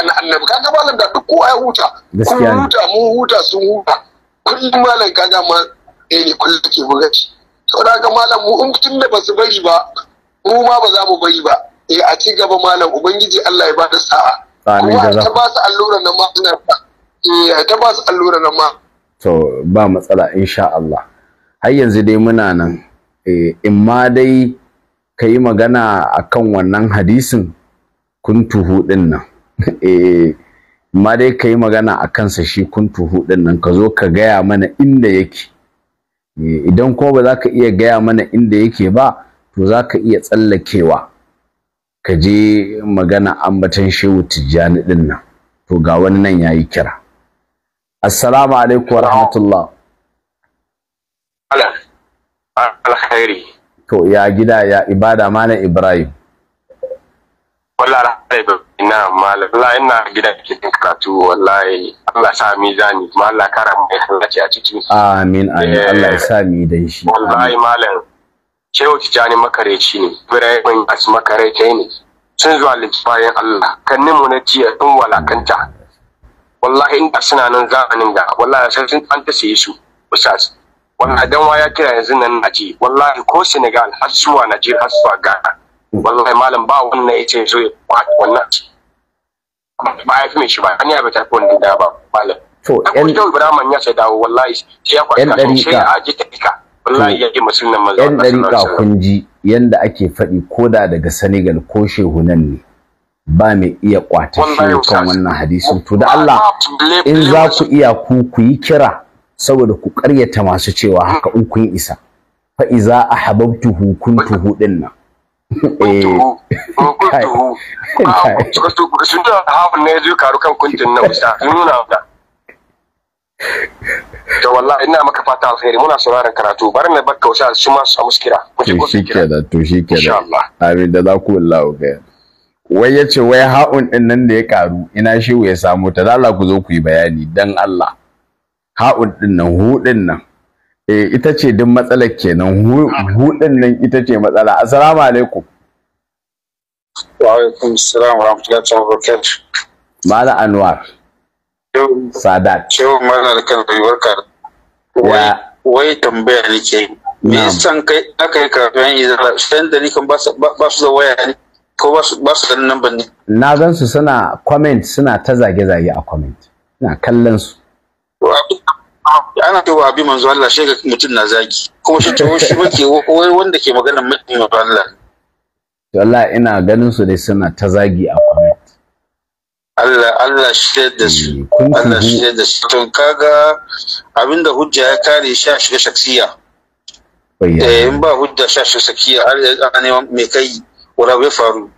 na annabi kaga malam da duk kowa ya huta kun huta mun huta sun huta kullum malam kaga ma eh ne kullum ke bugaci to da ga malam mu in tun da basu bari ba mu ma ba za mu bari ba eh a ci gaba malam ubangiji Allah ya ba da sa'a kuma ta ba su allura na ma suna eh ta ba su allura na ma to ba matsala insha Allah har yanzu dai muna nan eh, in ma dai ka yi magana akan wannan hadisin tuhu din nan eh, ma dai ka yi magana a kansa shi kuntuhu din nan ka zo ka gaya mana inda yake eh, idan ko ba za ka iya gaya mana inda yake ba to za ka iya tsallakewa ka je magana ambatan shehu tijjani din nan to ga wani nan ya yi kira assalamu alaikum wa rahmatullah alkhairi to ya gida ya ibada malam ibrahim wallahi ina malam ina gida cikin karatu wallahi Allah sa mizani zani Allah kara mai halacci a ciki amin amin eh, Allah ya sa mi dan shi wallahi malam Shehu makare makareci ne Ibrahim As kai ne sun zuwa littafin Allah kan nemo na jiya tun walakanta wallahi in suna nan zamanin da wallahi sai sun an ta su wani adamawa ya kira yanzu nan na ji wallahi ko senegal har zuwa najeriya har zuwa ghana wallahi malam ba wannan ya ce zo ya wannan ba ya fi mai shi ba an yaba ta wannan da ba malam to yan da ibrahim ya ce dawo wallahi sai ya kwaci sai ya aje ta dika wallahi ya yi musulman manzo yan dariƙa kun ji yanda ake faɗi da daga senegal ko nan ne ba mai iya kwata shi kan wannan hadisin to da Allah in za ku iya ku ku yi kira saboda ku ƙaryata masu cewa haka in kun isa fa iza ahabbtu hu kuntu hu dinna fata muna sauraron karatu bari amin da za ku wai yace wai ha'un din nan da ya karu ina shi ya samu ta za ku zo ku yi bayani dan Allah ha'un din nan hu nan eh ita ce duk matsalar kenan hu nan ita ce matsala assalamu alaikum wa alaikum assalam wa rahmatullahi wa barakatuh mala anwar sadat cewa mala da kan barka ya wai tambaya nake me san kai aka yi kafin izra sai da ni kan ba su da waya ne ko ba su da nan ne na gan su suna comment suna ta zage zage a comment suna kallon su ana cewa abin manzo Allah shi mutum na zagi kuma shi tawo shi muke wai wanda ke magana mai manzo Allah to Allah ina ganin su dai suna ta zagi a comment Allah Allah shi da su eh, Allah shi da su to kaga abinda hujja ya kare shi a shiga shaksiya eh in ba hujja shi a shiga shaksiya ana neman me kai wala bai faru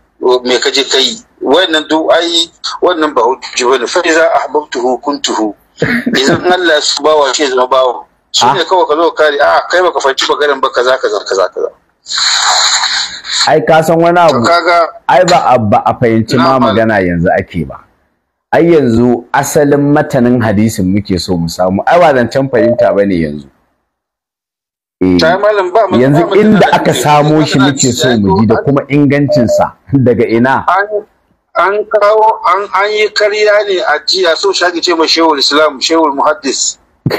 me kaje kai wannan duk ai wannan ba hujja bane fa iza ahbabtuhu kuntuhu su bawa shi zama bawa su ne ah. kawai ka zo kare a kai baka fanci ba kaza kaza kaza kaza ai ka san wani abu ai ba ba a fahimci ma magana yanzu ake ba ai yanzu asalin matanin hadisin muke so mu samu ai ba zancen fahimta eh, ba ne yanzu yanzu inda aka samo shi muke so mu ji da kuma ingancinsa daga ina an kawo an an yi karya ne a jiya so shi ake ce ma shehu islam shehu muhaddis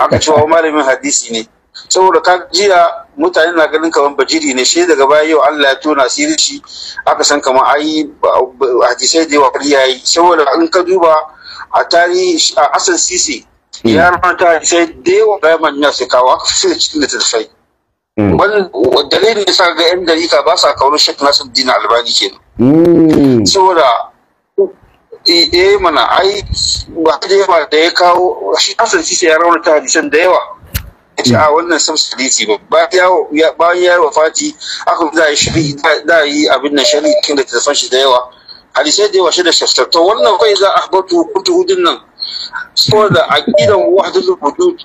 aka ce wa malamin hadisi ne saboda ka jiya mutane na ganin kamar bajiri ne shi daga baya yau Allah ya tona sirri shi aka san kamar ayi hadisai da yawa ya yi saboda in ka duba a tarihi a asan sisi hmm. ya mata sai da yawa bayan manya sai kawo aka fi sai cikin littattafai hmm. dalilin da sa ga yan dalika ba sa kawo shek sun dina albani kenan hmm. saboda ee eh, eh, mana ai ba ta yawa da ya kawo shi asan sisi ya raunata hadisan da yawa ce a wannan sam sadisi ba bayan ya wafati aka za a yi shari'i da yi abin na shari'i kin da tafan shi da yawa hadisai da yawa shi da shaftar wannan kai za a batu kuntu hudun nan saboda aqidan wahdatul wujud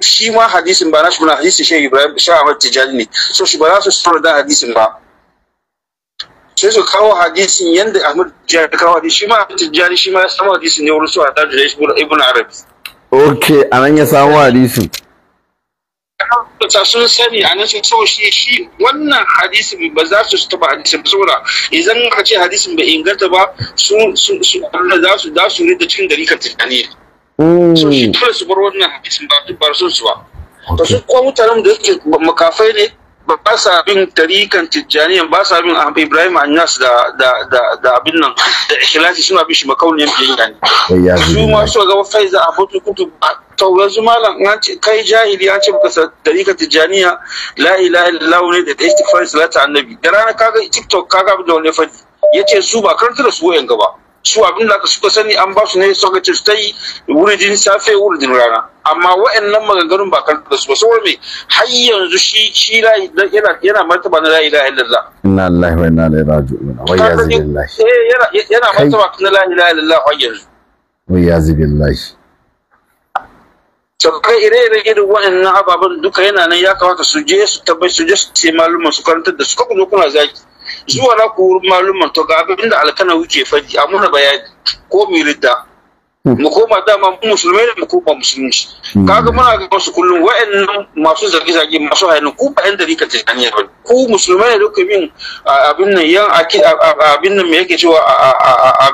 shi ma hadisin ba na shi ba hadisin shi Ibrahim Shah Ahmad Tijani ne so shi ba za su sanar da hadisin ba sai su kawo hadisin yadda Ahmad ya kawo hadisi shi ma Tijjani shi ma ya samu hadisin ne wurin su a tajir Ibn Arabi a anan ya samu hadisin ta sun sani a nan sun shi shi wannan hadisin ba za su taba hadisin ba saboda idan aka ce hadisin bai inganta ba su su da za su da su rida cikin dari ka tunani mm. so shi dole su bar wannan hadisin ba su su ba Ta su kuma mutanen da yake makafai ne ba sa bin tarikan tijjaniyan ba sa bin ibrahim anyas da da da da abin nan da ikhlasi suna bi shi makauniyan biyayya ne su ma su ga faiza a fatu kutu to yanzu malam kai jahili an ce baka sa tarikan tijjaniya la ilaha illallah ne da istighfar salatu annabi da rana kaga tiktok kaga abin da wani fadi yace su ba karanta da su wayan gaba su abin da suka sani an ba su ne suka ce su ta yi wuridin safe wuridin rana amma wa'annan maganganun ba kan da su ba saboda mai har yanzu shi shi yana yana martaba na la ilaha illallah inna lillahi wa inna ilaihi raji'un wa yazi billahi eh, yana yana martaba na la ilaha illallah wa yanzu wa yazi billahi sakai ire-ire irin wa'annan ababen duka yana nan ya kamata su je su tabbai su je su ce malumin su karantar da su kuma kuna zaki zuwa na ku wurin malumman to ga abin da alkanawi wuce faji a muna bayani ko mu ridda hmm. mu koma dama mu musulmai ne mu koma musulunci hmm. kaga muna ga masu kullum wa'annan masu zage-zage masu hayani ku ba yan dalika ta hanya ba ku musulmai ne duka min abin nan yan abin nan me yake cewa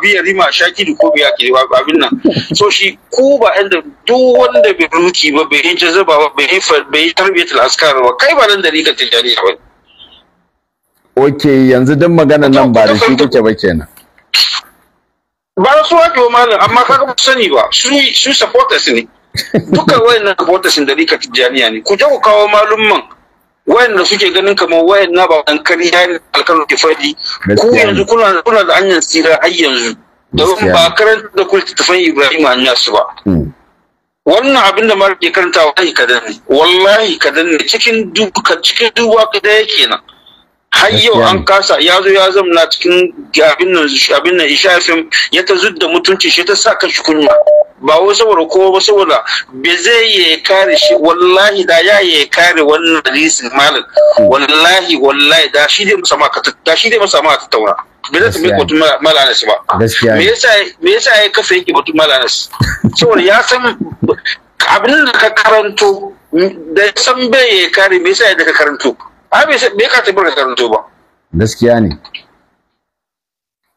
biya rima shaki da ko biya ke abin nan so shi ku ba yan da duk wanda bai ruki ba bai yi jazaba ba bai yi tarbiyyar askar ba kai ba nan dalika ta ba Oke yanzu duk magana nan ba da shi kuke ba kenan ba su wato malam amma kaga ba sani ba su su supporters ne duka wayannan supporters da rika tijaniya ne ku je ku kawo malumman wayanda suke ganin kamar wayanna ba dan kariya ne alkalu ke fadi ku yanzu kuna kuna da hanyar sira har yanzu Da ba karanta da kulta tafan Ibrahim an su ba hmm. wannan abin da mara ke karanta wallahi kadan ne wallahi kadan ne cikin duka cikin duwa kadan yake nan har yau an kasa ya zo ya zamna cikin abin nan abin nan ishafin ya ta zudda mutunci shi ta sa kan shi kunya ba wai saboda ko ba saboda be zai ya kare shi wallahi da ya ya kare wannan hadisin malam hmm. wallahi wallahi da shi dai musama ka da shi dai musama ka tattauna be zai tambaye batun malanas ba me yasa me yasa ya kafa yake batun malanas saboda ya san abin da ka karanto da san bai ya kare me yasa ya da ka karanto ai bai sai bai ka da karanto ba gaskiya ne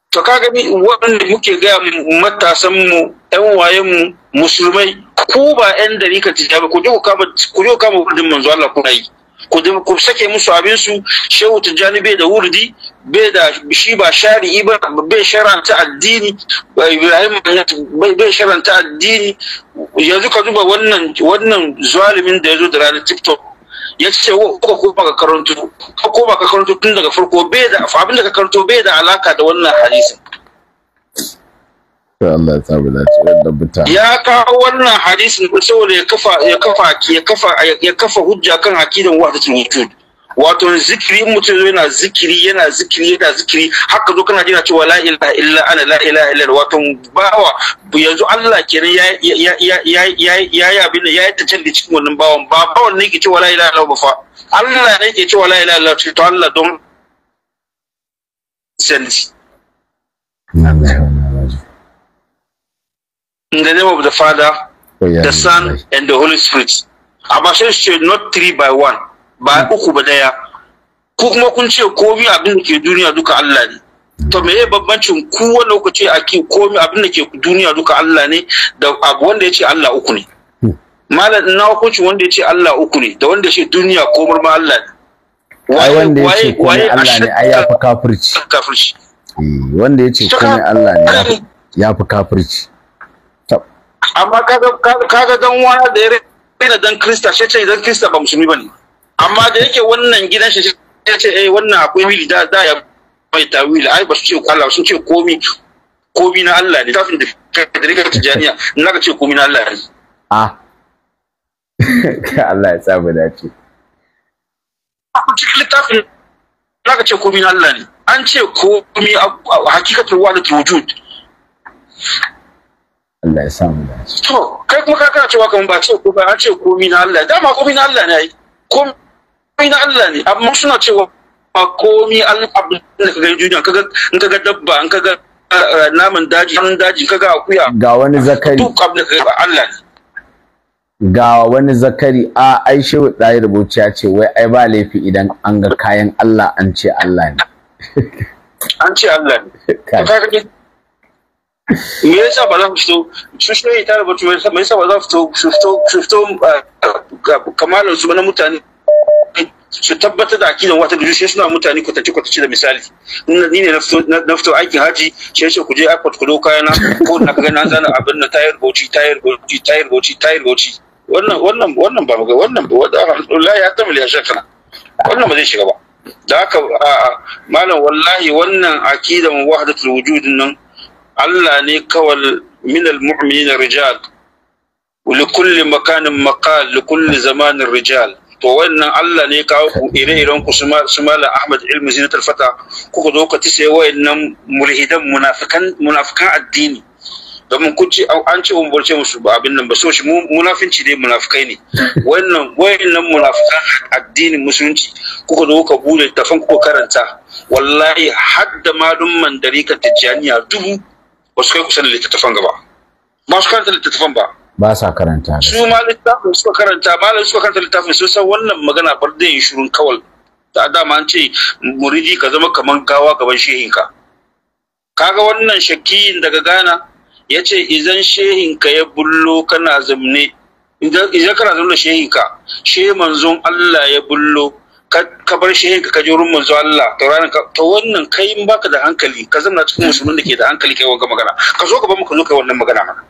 to kaga ni wanda muke ga matasan mu ɗan wayen mu musulmai ku ba ɗan dari ka tija ba ku ji ku kama ku je ku kama wurin manzo Allah kuna yi ku ku sake musu abin su shehu tijani bai da wurdi bai da shi ba shari'i ba bai sharanta addini Ibrahim, bai sharanta addini yanzu ka duba wannan wannan zalimin da ya zo da ranar tiktok ya ce wa ko baka karanto ko ko baka karanto tun daga farko bai da abin da ka karanto bai da alaka da wannan hadisin Allah ya samu dace wannan buta ya kawo wannan hadisin saboda ya kafa ya kafa ya kafa ya kafa hujja kan akidan wahdatul wujud wato zikiri in mutum yana zikiri yana zikiri yana zikiri haka zo kana jira cewa la ilaha illa ana la ilaha illa wato bawa yanzu Allah kenan ya ya ya ya ya abin ya yi tajalli cikin wannan bawan ba bawan ne ke cewa la ilaha illa ba fa Allah ne ke cewa la ilaha illa to Allah don jalli In the name of the Father, oh, the Son, and the Holy Spirit. Abashin should not three by one. ba uku ba daya ko kuma kun ce komi abin da ke duniya duka Allah ne to me ya bambancin ku wanda kuka ce aki komi abin da ke duniya duka Allah ne da abu wanda ya ce Allah uku ne hmm. malam na hukunci wanda ya ce Allah uku ne da wanda ya ce duniya komar ma Allah ne waye waye waye Allah ne ai ya fi kafirci kafirci eh, wanda ya ce komai Allah ne ya fi kafirci amma kaga kaga dan wani da ya rena dan Krista shi ce dan Krista ba musulmi bane amma da yake wannan gidan shi ya ce eh wannan akwai wili da da ya mai tawili ai ba su ce Allah sun ce komi komi na Allah ne tafin da ta tijaniya na ka ce komi na Allah ne ka ah. Allah ya sa mu dace cikin littafin na ka ce komi na Allah ne an ce komi hakikatul wahdatul wujud Allah ya sa mu dace to kai kuma ka kana cewa kamar ba ce ko ba an ce komi na Allah dama komi na Allah ne ai komi na Allah ne amma suna cewa ba komi an abu da kaga duniya kaga in kaga dabba in kaga eh, naman daji an daji kaga akuya ga wani zakari duk abin da kaga Allah ne ga wani zakari a aisha shehu dai rubuci ya ce wai ai ba laifi idan an ga kayan Allah an ce Allah ne an ce Allah ne me yasa ba za ku fito su shi ta rubutu me yasa ba za ku fito su fito su fito eh, kamalan su na mutane su tabbatar da akidan wata da sai suna mutane kwatance-kwatance da misali ni ne na fito aikin haji sai ce ku je airport ku dauka yana ko na kaga na zana abin na tayar goci tayar goci tayar goci tayar goci wannan wannan wannan ba ga wannan ba wanda alhamdulillah ya tamil ya shakana wannan ba zai shiga ba da haka malam wallahi wannan akidan wahdatul wujud nan Allah ne kawal min al-mu'minin rijal ولكل makanin مقال لكل zamanin Rijal. to wannan Allah ne kawo ku ire-iren ku su mala Ahmad ilmi zinatul fata kuka zo ka tise wayannan mulhidan munafikan munafikan addini domin kun ce an ce mun musu ba abin nan ba so shi munafinci dai munafikai ne wannan wayannan munafikan addinin musulunci kuka zo ka bude tafan kuka karanta wallahi hadda malum man dariƙar tijjaniya dubu ba su kai kusa da littattafan gaba ba su karanta littattafan ba ba sa karanta su ma littafin suka karanta malam suka karanta littafin sun san wannan magana bar da yin shirin kawal da dama an ce muridi ka zama kaman gawa gaban Ka kaga wannan shakiyin daga Ghana ya ce idan ka ya bullo kana zamne idan kana zamne ka she manzon Allah ya bullo ka bar shehin ka ka je wurin manzon Allah to ka, to wannan kai in baka da hankali ka zama cikin musulmin da ke da hankali kai wannan magana ka zo ka ba mu ka zo kai wannan magana mana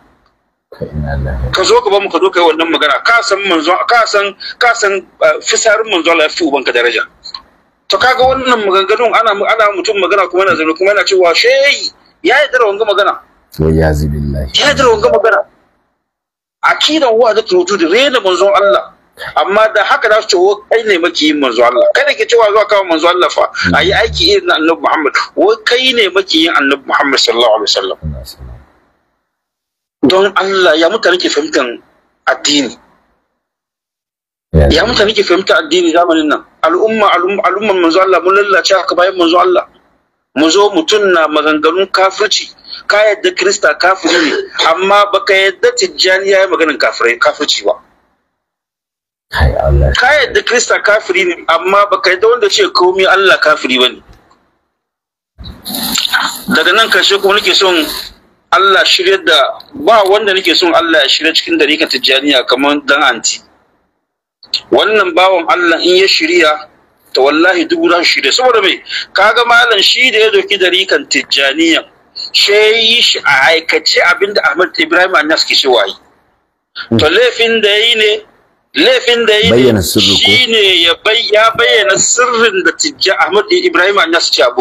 ka zo ka ba mu ka zo kai wannan magana ka san manzon ka san ka san uh, fisarin manzon Allah fi ubanka daraja to kaga wannan maganganun ana ana mutum magana kuma yana zalo kuma yana cewa shehi ya yi dara wanga magana to ya zi billahi ya dara wanga magana akidan wa da turutu da rena manzon Allah amma da haka za su ce wai kai ne makiyin manzo Allah kada ke cewa zuwa kawo manzo Allah fa A yi aiki irin annabi Muhammad wai kai ne makiyin annabi Muhammad sallallahu alaihi wasallam don Allah ya mutane ke fahimtar addini ya mutane ke fahimtar addini zamanin nan al'umma al'umma manzo Allah mun lallace haka bayan manzo Allah mu zo mutum na maganganun kafirci ka yadda krista kafiri ne amma baka yadda tijjani ya yi maganin kafirci ba ka yadda krista kafiri ne amma baka yadda wanda ce komai Allah kafiri ba ne daga nan karshe kuma nake son Allah shiryar da ba wanda nake son Allah ya shirya cikin dariƙar tijjaniya kamar dan anti wannan bawan Allah in ya shirya ta wallahi duk ran shirya saboda ka kaga malam shi da ya doki dariƙar tijjaniya she yi shi a aikace abinda Ahmad Ibrahim Anas ke cewa yi to laifin da yi ne laifin da yi ne shine ya bayyana sirrin da tijja Ahmad Ibrahim Anas ce a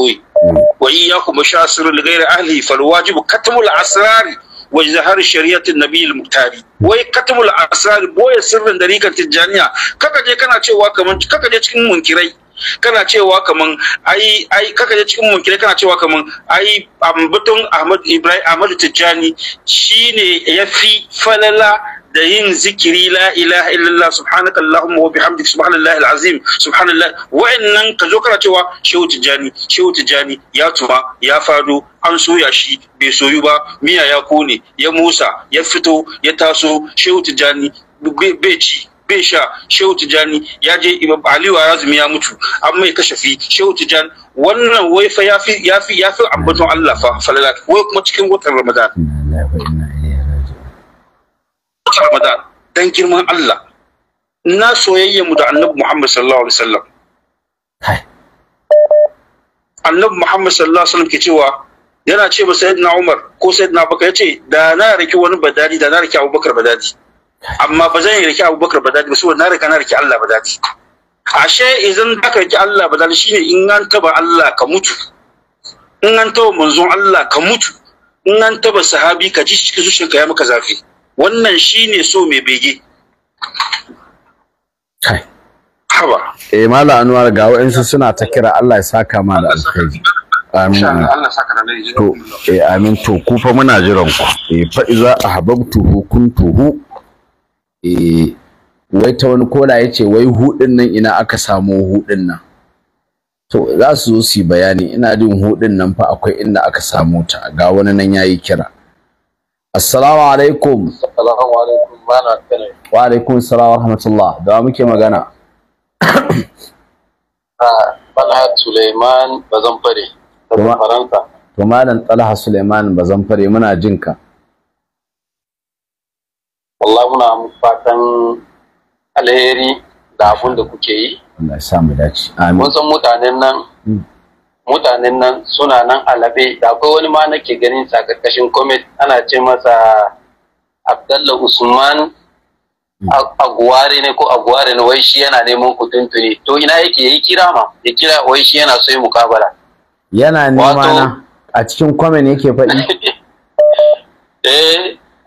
wa iyyakum mushasirul ghairi ahli fal wajibu katmul asrari wa zahar shari'atin nabiyil muktari wai katmul asrari boye sirrin dariƙar tijjaniya kaka je kana cewa kaman kaka je cikin munkirai kana cewa kaman ai ai kaka je cikin munkirai kana cewa kaman ai ambaton Ahmad Ibrahim Ahmad Tijjani shine yafi falala da yin zikiri la ilaha illallah subhanaka allahumma wa bihamdik subhanallahi alazim subhanallah wa'annan ka zo kana cewa shehu tijani shehu tijani ya tuma ya fado an soya shi bai soyu ba miya ya kone ya musa ya fito ya taso shehu tijani bai ci bai sha shehu tijani ya je imam aliyu razumi ya mutu an mai kashafi shehu tijani wannan wai fa yafi yafi yafi ambaton allah fa falala wai kuma cikin watan ramadan watan Ramadan dan girman Allah na soyayya mu da Annabi Muhammad sallallahu alaihi wasallam Annabi Muhammad sallallahu alaihi wasallam ke cewa yana ce ba sayyidina Umar ko sayyidina Abubakar yace da na riki wani badadi da na riki Abubakar badadi amma ba zan yi riki Abubakar badadi ba saboda na rika na riki Allah badadi ashe idan aka riki Allah badadi shine in an taba Allah ka mutu in an taba manzon Allah ka mutu in an taba sahabi ka ji cikin zuciyarka ya maka zafi wannan shi ne so mai bege kai haba eh mala anwar ga wa'ansu suna ta kira Allah ya saka ma da alkhairi amin to eh amin to ku fa muna jiran ku eh fa iza ahbabtuhu hu eh wai ta wani kola yace wai hudin nan ina aka samu hudin nan to za su zo su yi bayani ina jin hudin nan fa akwai inda aka samu ta ga wani nan yayi kira Assalamu alaikum. Assalamu alaikum. Mana kare. Wa alaikum assalam wa rahmatullah. Da muke magana. Ah, Bana Suleiman Bazamfare. Daga Faransa. To malam Talha Suleiman Bazamfare muna jin ka. Wallahi muna fatan alheri da abun da kuke yi. Allah ya sa mu dace. Amin. Mun san mutanen nan hmm. mutanen nan suna nan alabe da akwai wani ma nake ganin sa karkashin comet ana ce masa abdalla usman hmm. aguware ne ko aguware ne wai shi yana neman kutuntuni to ina yake yi kira ma ya kira wai shi yana so yi mukabala yana nema na a cikin comment yake faɗi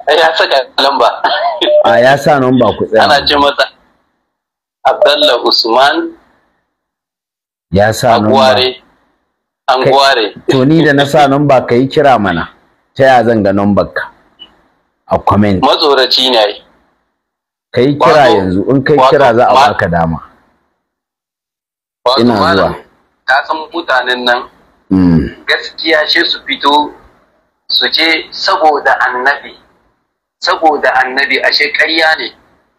eh ya saka lamba a ya sa lamba ku tsaya ana ce masa abdalla usman ya sa lamba an gware to ni da na sa number ka yi kira mana ta ya zan ga number ka a comment matsoraci ne ka yi kira yanzu in kai kira za a baka dama ina zuwa ka san mutanen nan mm. gaskiya shi su fito su ce saboda annabi saboda annabi ashe ƙarya ne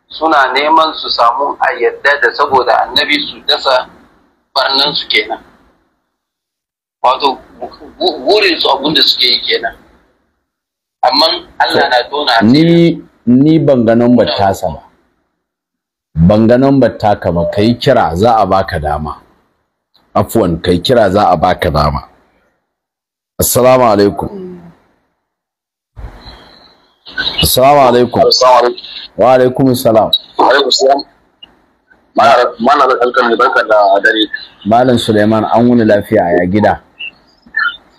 suna neman su samu a yadda da saboda annabi su dasa barnan su kenan wato su da suke yi kenan amma Allah na tona ni ni ban ga number ba ban ga number taka ba kai kira za a baka dama afwan kai kira za a baka dama assalamu alaikum assalamu alaikum wa alaikum assalam Malam Suleiman an wuni lafiya a gida.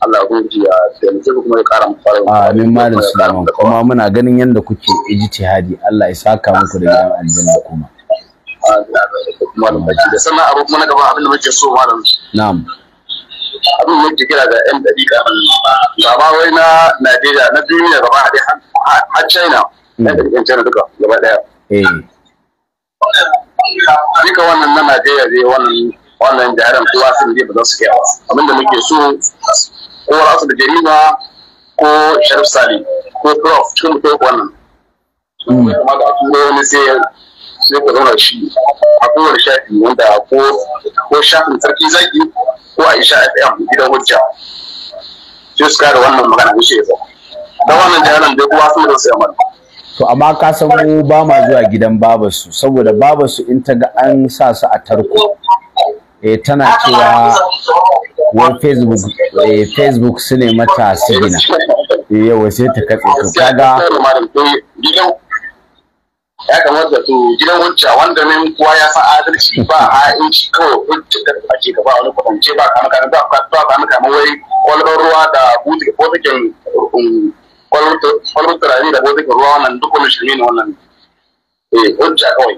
Allah ya kuma ya amin malam Sulaiman kuma muna ganin yadda kuke ijtihadi Allah ya saka da aljanna kuma da sannan abu kuma na gaba abin da muke so malam abin muke kira da yan gaba wai na Najeriya na duniya gaba har China yan hmm. China duka gaba eh. wannan na Najeriya zai wannan wannan kowa sun ba za su kai abinda muke so ko rasu da jarima ko sharif sali ko prof cikin mutum wannan kuma da kuma wani sai sai ku zauna shi a kowane shafi wanda ko ko shafin sarki zaki ko aisha fm gidan hujja sai su kare wannan magana da shi da wannan jahilan dai kowa sun da su yamma to amma ka san mu ba ma zuwa gidan babarsu saboda babarsu in ta ga an sa su a tarko eh tana cewa wai facebook eh, facebook su ne mata sigina yawa sai ta katse to kaga eh, ya kamata to gidan hujja wanda min kuwa ya san adalci ba a in inci kawai hujja da ake gaba wani kwatance ba kama kama ba ba kama kama wai kwalbar ruwa da butik um, botikin kwalbar turare da botikin ruwa wannan duk wani shirme ne wannan eh hujja kawai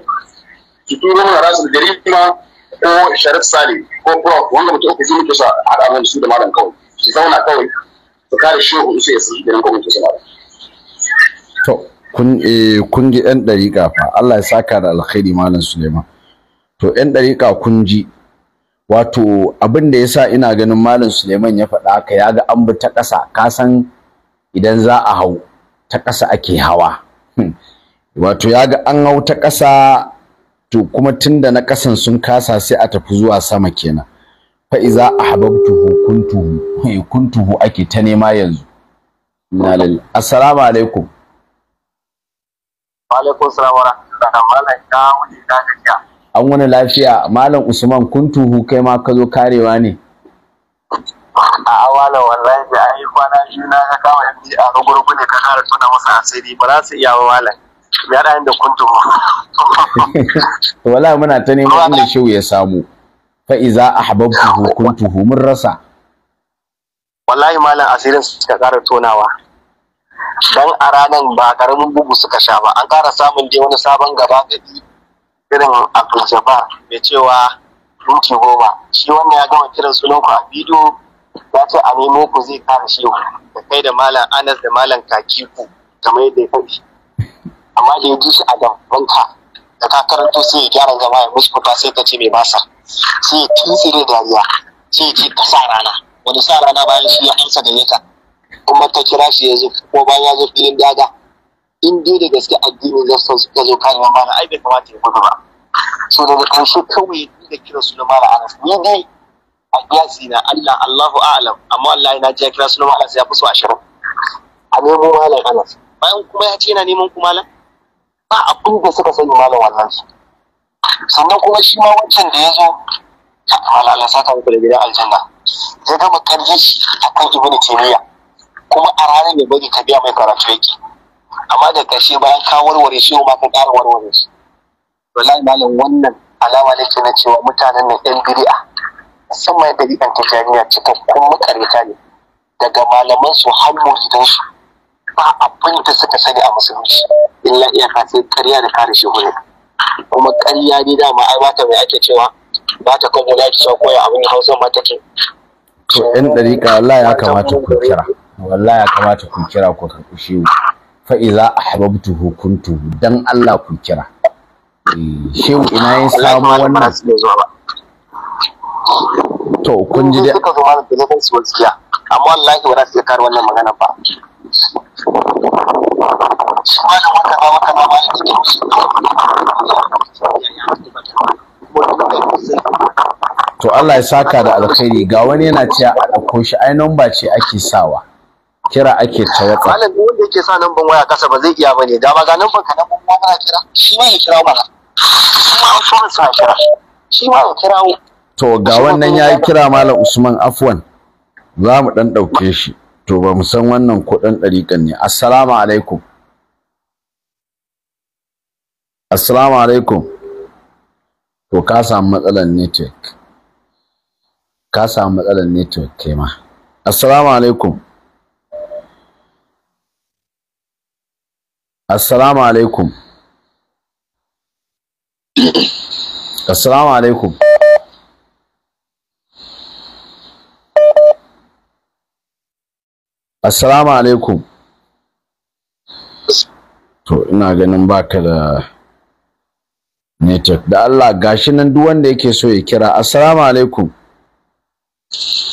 ki turo mana rasul jarima ko sharif salim ko prof wanda mutum uku zuwa kusa haɗa mun su da malam kawai su zauna kawai su kare shehu su ya su gidan kawai su malam. to kun eh, kun ji ɗan ɗariƙa fa Allah ya saka da alkhairi malam Suleiman to ɗan ɗariƙa kun ji wato abin da yasa ina ganin malam Suleiman ya faɗa haka ya ga an bi ta ƙasa ka san idan za a hau ta ƙasa ake hawa hmm. wato ya ga an hau ta ƙasa to kuma tunda na kasan sun kasa sai a tafi zuwa sama kenan fa iza ahbabtuhu kuntuhu eh, kuntuhu ake ta nema yanzu inna lillahi assalamu alaikum wa alaikum assalam wa rahmatullahi an wani lafiya malam usman kuntuhu kai ma ka zo karewa ne a awala wallahi da ayi kwana shi na ga kawai a rugurugu ne ka kara tuna masa asiri ba za su iya wallahi ya da wala muna ta neman inda shehu ya samu fa iza ahbabtuhu kuntuhu mun rasa wallahi malam asirin suka ƙara tonawa dan a ranan ba karamin bugu suka sha ba an ƙara samun dai wani sabon gaba gadi irin Abdul Jabbar mai cewa minti goma shi wannan ya gama kiran sunan ku a bidiyo ya ce a nemo ku zai kare shi da kai da malam Anas da malam Kakiku kamar yadda ya faɗi amma da ya ji shi a gaban ka da ka karanto sai ya gyara zama ya muskuta sai ka ce mai basa, sai ya tuntsire dariya sai ya ce ka sa rana wani sa rana bayan shi ya ansa da ka kuma ta kira shi ya zo ko bayan ya zo filin daga in dai da gaske addini na su suka zo kan yamma na ai kamata ya gudu ba so daga ƙarshe kawai da kira su na mara anas ni dai a biya na Allah Allahu a'lam amma wallahi na ji ya kira su na mara anas ya fi so ashirin a nemo malam anas bayan kuma ya ce na neman kuma ba abin da suka sani malam wannan su sannan kuma shi ma wancan da ya zo malam Allah saka muku da gidan aljanna ya gama karje shi akan ibnu taymiya kuma a ranar ya bari ka biya mai karatu yake amma da kashe bayan ka warware shi ma ka ƙara warware shi wallahi malam wannan alama ne ke na cewa mutanen nan yan bid'a musamman jami'a cikin cikakkun makarita ne daga malaman su har gidansu. ba abin da suka sani a musulunci illa iya sai ƙarya da kare shi hulun kuma ƙarya ne dama ai bata mai ake cewa ba ta kan wula ki koya abin hausa ma take to ɗan dariƙa wallahi ya kamata ku kira wallahi ya kamata ku kira ku karɓi shehu fa iza ahbabtu hukuntu dan Allah ku kira eh, shehu ina yin samu wannan to kun ji dai suka zo mana da kan su gaskiya amma wallahi ba za su iya kare wannan magana ba to Allah ya saka da alkhairi ga wani yana cewa a ɗauko shi ai namba ce ake sawa kira ake ta yatsa malam ne wanda yake sa namban waya kasa ba zai iya bane da ba ga namban ka namban ma kana kira shi ma ya kira ba. shi ma usman sa kira shi ma ya kirawo to ga wannan yayi kira malam usman afwan za mu dan dauke shi to ba mu san wannan ko dariƙan ne assalamu alaikum assalamu alaikum to ka samu matsalar network ka samu matsalar network kai ma assalamu alaikum assalamu alaikum assalamu alaikum assalamu alaikum to ina ganin baka da network da Allah gashi nan duk wanda yake so ya kira assalamu alaikum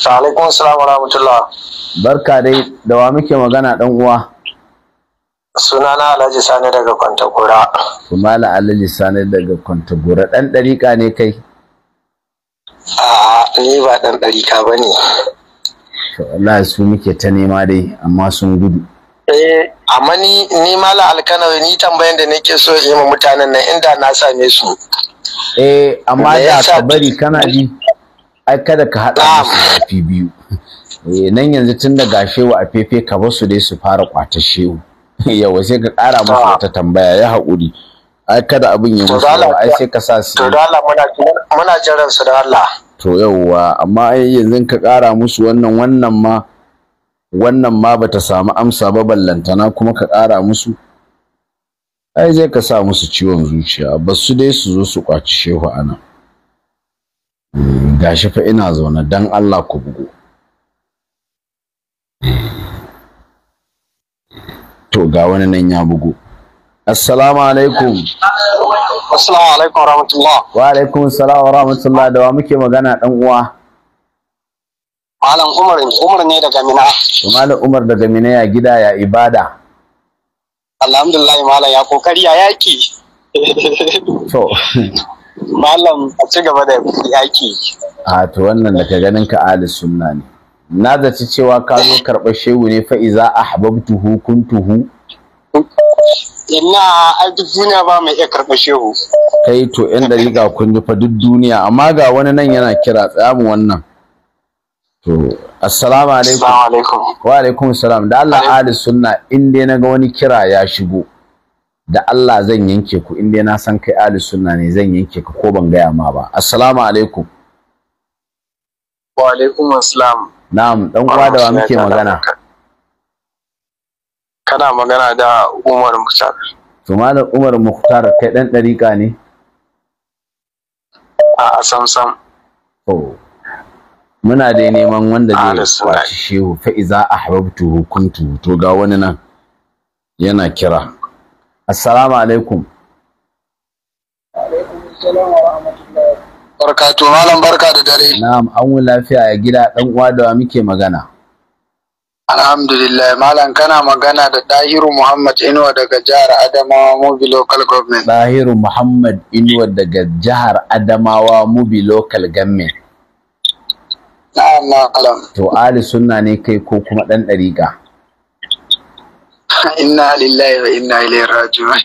alaikum assalam rahmatullah barka dai da wa muke magana dan uwa sunana Alhaji Sani daga Kwantagora Kumala Alhaji Sani daga Kwantagura dan dariƙa ne kai a ni ba dan dariƙa bane to Allah su muke ta nema dai amma sun gudu eh amma ni ni mala alkana ni tambayan da nake so yi ma mutanen nan inda na same su eh amma da ka bari kana ji ai kada ka hada ah. musu fi biyu eh nan yanzu tun da gashe wa afefe ka basu dai su fara kwata shewu yawa sai ka kara musu ah. ta tambaya ya hakuri ai kada abin ya musu ai sai ka sa su to da Allah muna muna jiran su da Allah to yawa amma ai yanzu ka kara musu wannan wannan ma wannan ma bata samu amsa ba ballantana kuma ka ƙara musu ai zai ka sa musu ciwon zuciya ba su dai su zo su kwaci shehu ana hmm, gashi fa ina zaune dan Allah ku bugu hmm. to ga wani nan ya bugu assalamu alaikum assalamu alaikum wa rahmatullah wa alaikum assalam wa da wa muke magana dan uwa Malam Umar Umar ne daga Mina. Malam Umar daga Mina ya gida ya ibada. Alhamdulillah malam ya kokari ya yaki. To. Malam a ci gaba da yaki. Ah to wannan da ka ganin ka ahli sunna ne. Na zaci cewa ka zo karɓar shehu ne fa iza ahbabtuhu kuntuhu. Ina a duk duniya ba mai iya karɓar shehu. Kai to inda riga kun ji fa duk duniya amma ga wani nan yana kira tsaya mu wannan. To, assalamu alaikum. Wa alaikum salam. Da Allah ahli sunna in dai na ga wani kira ya shigo. Da Allah zan yanke ku in dai na san kai ahli sunna ne zan yanke ka ko ban gaya ma ba. Assalamu alaikum. Wa alaikum assalam. Na'am, dan uwa da wa muke magana. Kana magana da Umar Mukhtar. To malam Umar Mukhtar kai dan dariƙa ne? A'a sam sam. Oh. muna dai neman wanda zai kwaci shehu fa iza ahbabtuhu kuntu to ga wani nan yana kira assalamu alaikum barka to malam barka da dare na'am an wu lafiya ya gida dan uwa da muke magana alhamdulillah malam kana magana da dahiru muhammad inuwa daga jihar adamawa mubi local government dahiru muhammad inuwa daga jihar adamawa mubi local government to ahli sunna ne kai ko kuma dan dariƙa inna lillahi wa inna ilaihi raji'un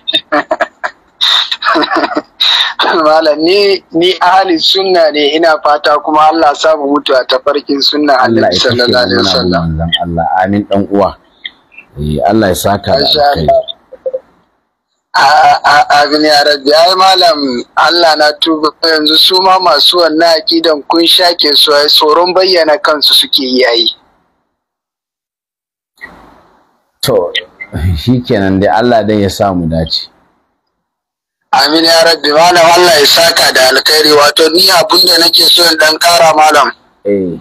malam ni ni ahli sunna ne ina fata kuma Allah samu mutu a tafarkin sunna Annabi sallallahu alaihi wasallam Allah amin dan uwa eh Allah ya saka da alkhairi Amin ya rabbi ai malam Allah na tuba yanzu su ma masu wannan akidan kun shake su ai tsoron bayyana kansu suke yi ai. To shikenan dai Allah dai ya samu dace. Amin ya rabbi malam Allah ya saka da alkhairi wato ni abin da nake so in dan kara malam. Eh.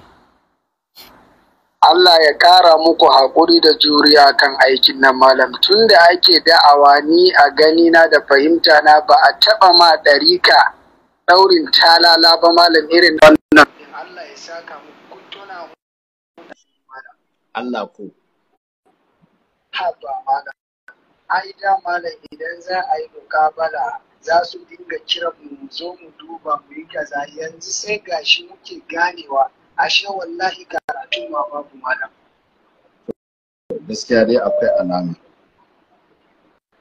Allah ya ƙara muku haƙuri da juriya kan aikin nan malam tun da ake da'awa ni a gani na da fahimta na ba a taɓa ma ɗarika ɗaurin talala ba malam irin wannan Allah ya saka muku tuna Allah ku haba malam ai da malam idan za a yi mukabala za su dinga kiran mu zo mu duba mu yi kaza yanzu sai gashi muke ganewa ashe wallahi karatun ma babu malam gaskiya dai akwai alama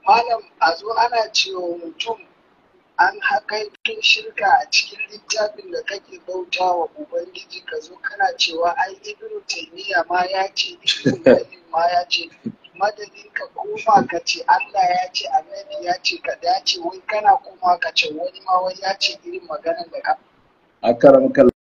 malam a zo ana cewa mutum an tun shirka a cikin littafin da kake bauta wa ubangiji ka zo kana cewa ai ibnu taymiya ma ya ce ma ya ce madadin ka koma ka ce Allah ya ce annabi ya ce ka dace wai kana koma ka ce wani ma wani ya ce irin maganar da ka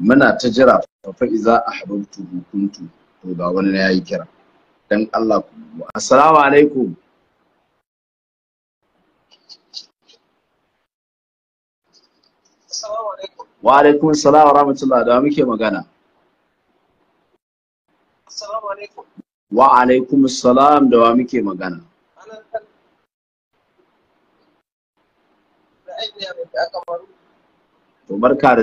muna ta jira fa iza ahbabtu kuntu to ga wani na yayi kira dan Allah ku assalamu alaikum wa alaikum salam wa rahmatullahi da muke magana assalamu alaikum wa alaikum assalam da muke magana da to barka da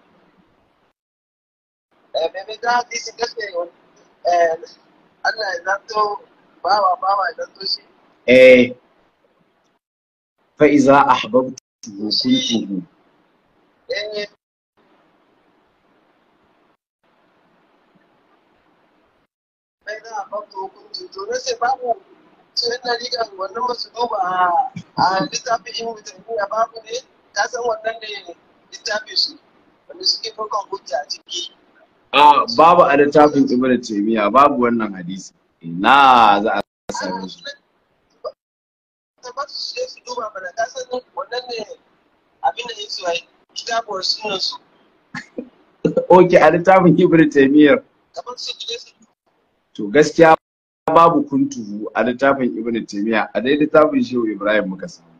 mai mai za su yi wani Allah ya zanto bawa bawa ya zanto shi eh fa eh, a wannan su wanda suke farkon a ciki a ah, babu a littafin ibn taymiya babu wannan hadisi na za a same shi Oke a littafin ibn taymiya to gaskiya babu kuntuhu a littafin ibn taymiya a dai littafin shehu ibrahim muka samu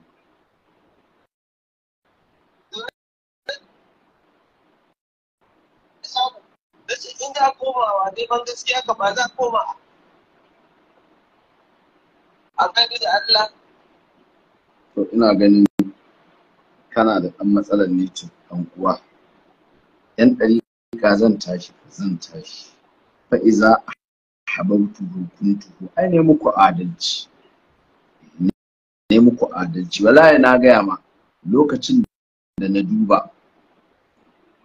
za gaskiya dai neman gaskiya ka ba za koma a gani da Allah to ina ganin kana da ɗan matsalar ne ɗan uwa yan ka zan tashi zan tashi fa iza habautu hukuntuhu ai ne muku adalci ne muku adalci wallahi na gaya ma lokacin da na duba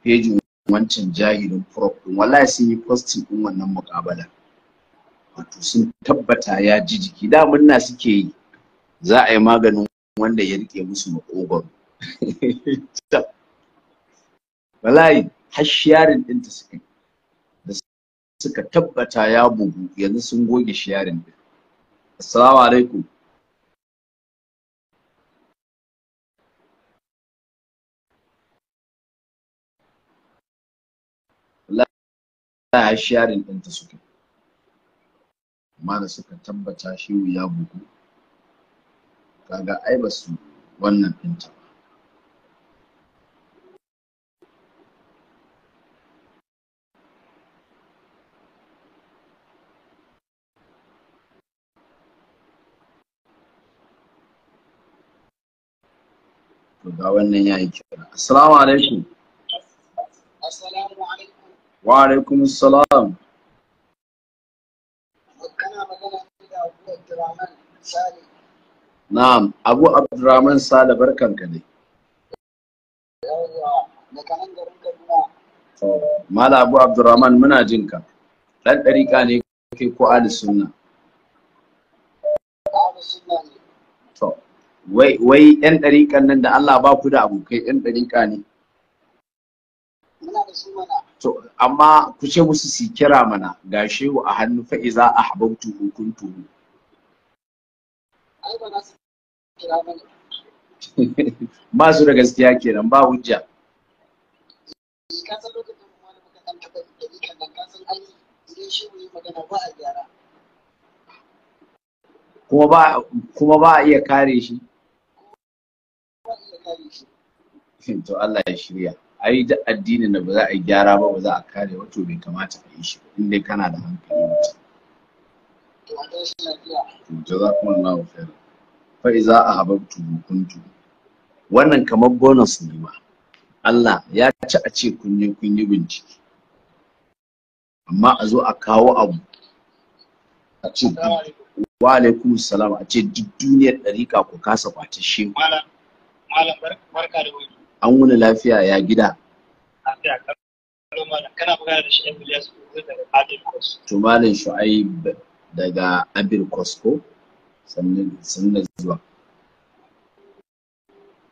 pejin wancan jahilin prof din wallahi sun yi posting din wannan muƙabala wato sun tabbata ya ji jiki da murna suke yi za a yi maganin wanda ya rike musu makogwaro wallahi har sharing ɗinta suka da suka tabbata ya bugu yanzu sun goge sharing din assalamu alaikum yaya sharing ɗinta suka amma da suka tabbata shi ya bugu kaga ai ba su wannan ɗinta ba to ga wannan yayi kira assalamu alaikum assalamu alaikum wa alaikum salam na'am abu abdurrahman sale barkanka ne mala abu abdurrahman muna jinka ɗan ɗariƙa ne ke ko ali sunna wai yan ɗariƙan nan da Allah ba ku da abokai yan ɗariƙa ne to amma ku ce musu su kira mana ga shehu a hannu fa iza ahbabtu kuntu ai ba su da gaskiya kenan ba hujja ka ba a gyara kuma ba kuma ba a iya kare shi to Allah ya shirya ai duk addinin da ba za a yi gyara ba ba za a kare wato bai kamata a yi shi in dai kana da hankali mutum jazakumullahu khairan fa iza ahabbtu kuntu wannan kamar bonus ne ma Allah ya ci a ce kun yi kun yi bincike amma a zo a kawo abu a ce wa alaikum salam a ce duk duniyar dariƙa ku kasa kwace shi malam malam barka da wani an wuni lafiya ya gida to malam shu'aib daga abir kosko sannan da zuwa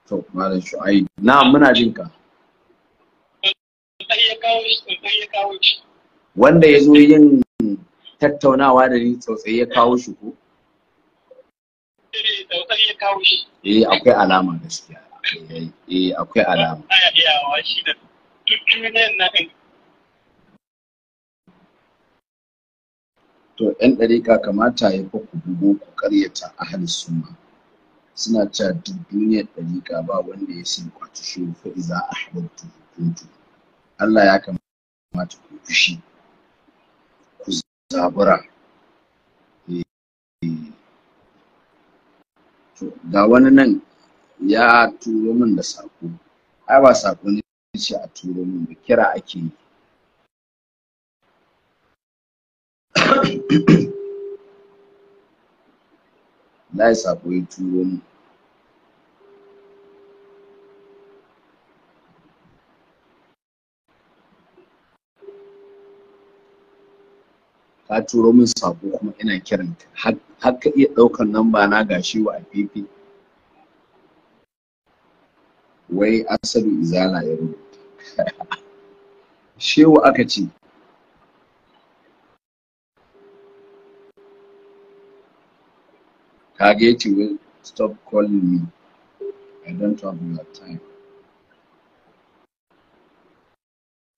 to malam shu'aib na muna jin ka wanda ya zo yin tattaunawa da ni tsautsayi ya kawo shi ko? Eh, eh akwai alama gaskiya. eh akwai alama shi da duk na to yan ɗarika kamata ya fa ku dubo ku ƙaryata ahli sunna suna cewa duk duniyar ɗarika ba wanda ya san kwaci shi fa iza ahbabtu kuntu Allah ya kamata ku fushi ku zabura eh, eh. to ga wani nan ya turo min da sako ai ba sako ne ce a turo min da kira ake yi na yi sako ya turo min ka turo min sako kuma ina kiranta har ka iya ɗaukar namba na gashi wa a fifi wai asadu Izana ya rubuta shewa aka ce Kageti will stop calling me. I don't have your time.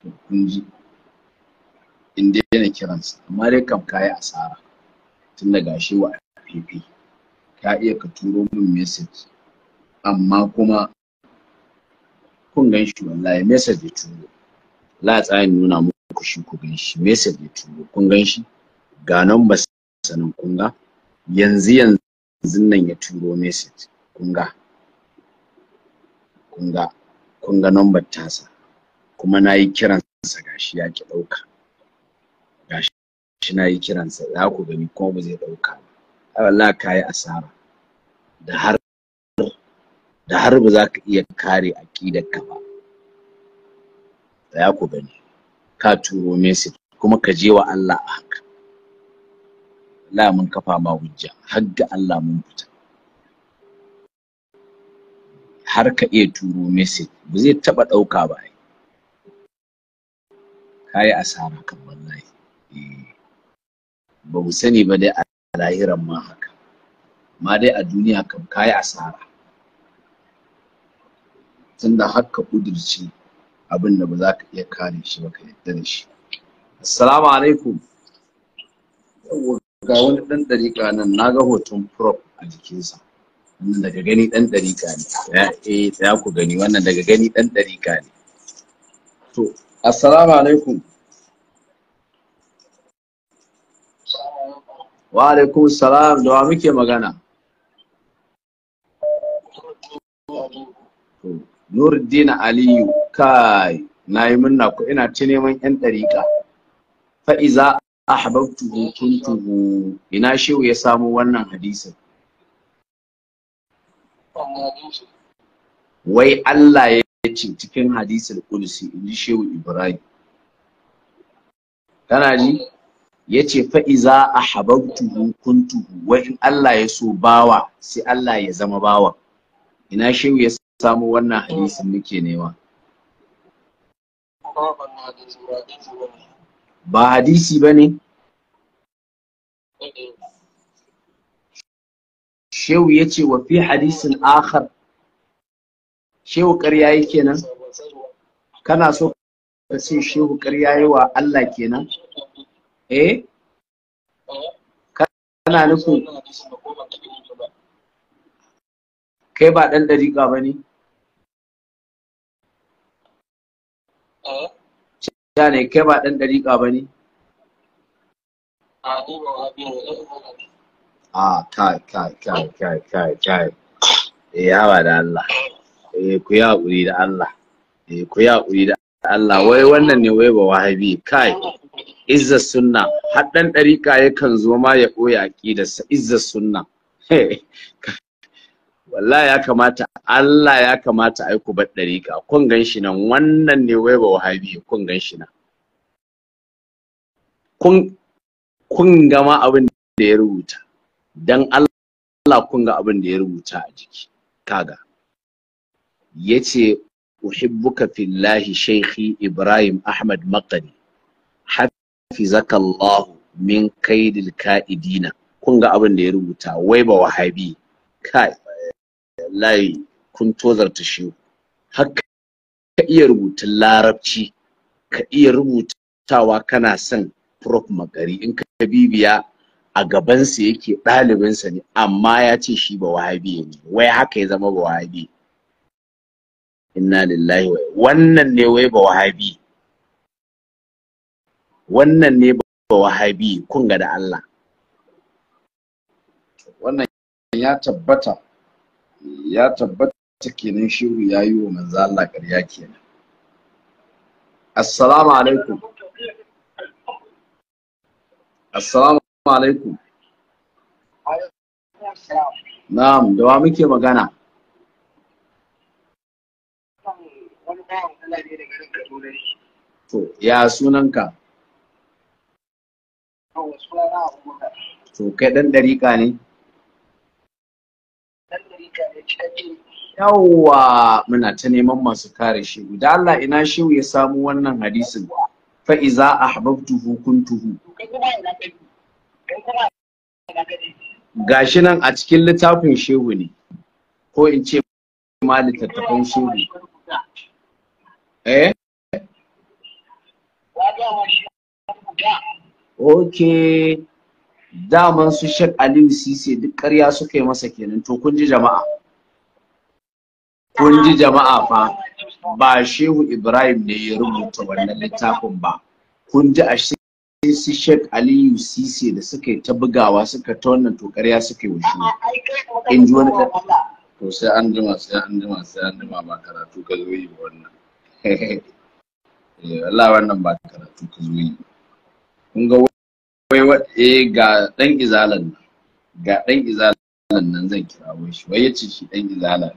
To kunji in dai yana kiransa amma dai kam yi asara tun da gashi wa ka iya ka turo min message amma kuma kun gan shi wallahi message ya turo la tsayin nuna muku shi ku gan shi message ya turo kun gan shi ga nan ba sanin kun ga yanzu yanzu nan ya turo message kun ga kun ga kun ga number tasa kuma na yi kiransa gashi ya ki ɗauka gashi na yi kiransa za ku gani kuma ba zai ɗauka ba wallahi kayi asara da har da har ba za ka iya kare aƙidarka ba ya ku bane ka turo message kuma ka je wa Allah a haka Allah mun kafa ma hujja har ga Allah mun fita har ka iya turo message ba zai taba ɗauka ba kayi asara kan wallahi eh, ba mu sani ba dai a lahiran ma haka ma dai a duniya kam kayi asara tunda har ka kudirce abin da ba za ka iya kare shi ba ka yadda da shi assalamu alaikum ga wani dan dariƙa nan na ga hoton prop a jikinsa wannan daga gani dan dariƙa ne eh ya ku gani wannan daga gani dan dariƙa ne to assalamu alaikum wa alaikum salam da wa muke magana Nurdin Aliyu kai na yi murna ku ina ci neman yan ɗariƙa fa'iza ahbabtuhu kuntuhu ina shehu ya samu wannan hadisin wai Allah ya ce cikin hadisin kudusi in ji shehu Ibrahim kana ji ya ce fa'iza a hababtuhu kuntuhu wai in Allah ya so bawa sai Allah ya zama bawa ina shehu ya samo wannan eh. hadisin muke nema ba hadisi ba ne eh, eh. shehu ya ce wa fi hadisin akhar shehu ƙarya yi kenan kana so ka ce shehu ƙarya yi wa Allah kenan eh kana nufin kai ba ɗan ɗariƙa ba ne? Ya eh? ne, kai ba ɗan ɗariƙa ba ne? A kai kai kai kai kai kai. Eh yawa da Allah. Eh ku ya haƙuri da Allah. Eh ku ya haƙuri da Allah. Wai wannan ne wai ba wahabi kai. Izzar sunna har ɗan ɗariƙa yakan zo ma ya ɓoye aƙidarsa izzar sunna. wallahi ya kamata Allah ya kamata ai ku bar dariƙa kun gan shi nan wannan ne wai ba wahabi kun gan shi nan kun kun gama abin da ya rubuta dan Allah kun ga abin da ya rubuta a jiki kaga yace uhibbuka fillahi shaykhi Ibrahim Ahmad maqdi hafizaka Allah min kaidil ka'idina kun ga abin da ya rubuta wai ba wahabi kai layi kun tozarta shi haka ka iya rubutun larabci ka iya rubutawa kana son prof magari in ka bibiya a gabansa yake ɗalibinsa ne amma ya ce shi ba wahabi ne wai haka ya zama ba wahabi inna lillahi wai wannan ne wai ba wahabi wannan ne ba wahabi kun ga da Allah wannan ya tabbata ya tabbata kenan shiru ya yi wa manzo Allah ƙarya kenan assalamu alaikum assalamu alaikum na'am da wa muke magana to ya sunanka to kai dan dariƙa ne yawwa muna ta neman masu kare shi. da Allah ina shehu ya samu wannan hadisin fa iza tuhu. kuntuhu gashi nan a cikin littafin shehu ne ko in ce ma littattafan shehu eh okay daman su shek Aliyu Sise duk ƙarya suka yi masa kenan to kun ji jama'a kun ji jama'a fa ba Shehu Ibrahim ne ya rubuta wannan littafin ba kun ji a su shek Aliyu Sise da suka yi ta bugawa suka ta wannan to ƙarya suka yi wa shi in ji wani to sai an jima sai an jima sai an jima ba karatu ka zo yi wannan eh wallahi wannan ba karatu ka zo yi kun ga wai eh, ga dan izalan nan ga dan izalan nan zan wai shi wai yace shi dan izala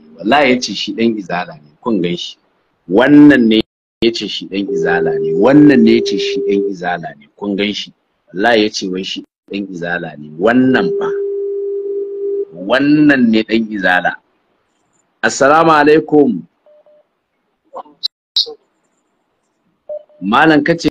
ne wallahi yace shi dan izala ne kun gan shi wannan ne yace shi dan izala ne wannan ne yace shi dan izala ne kun gan shi wallahi yace wai shi dan izala ne wannan fa wannan ne dan izala assalamu alaikum malam kace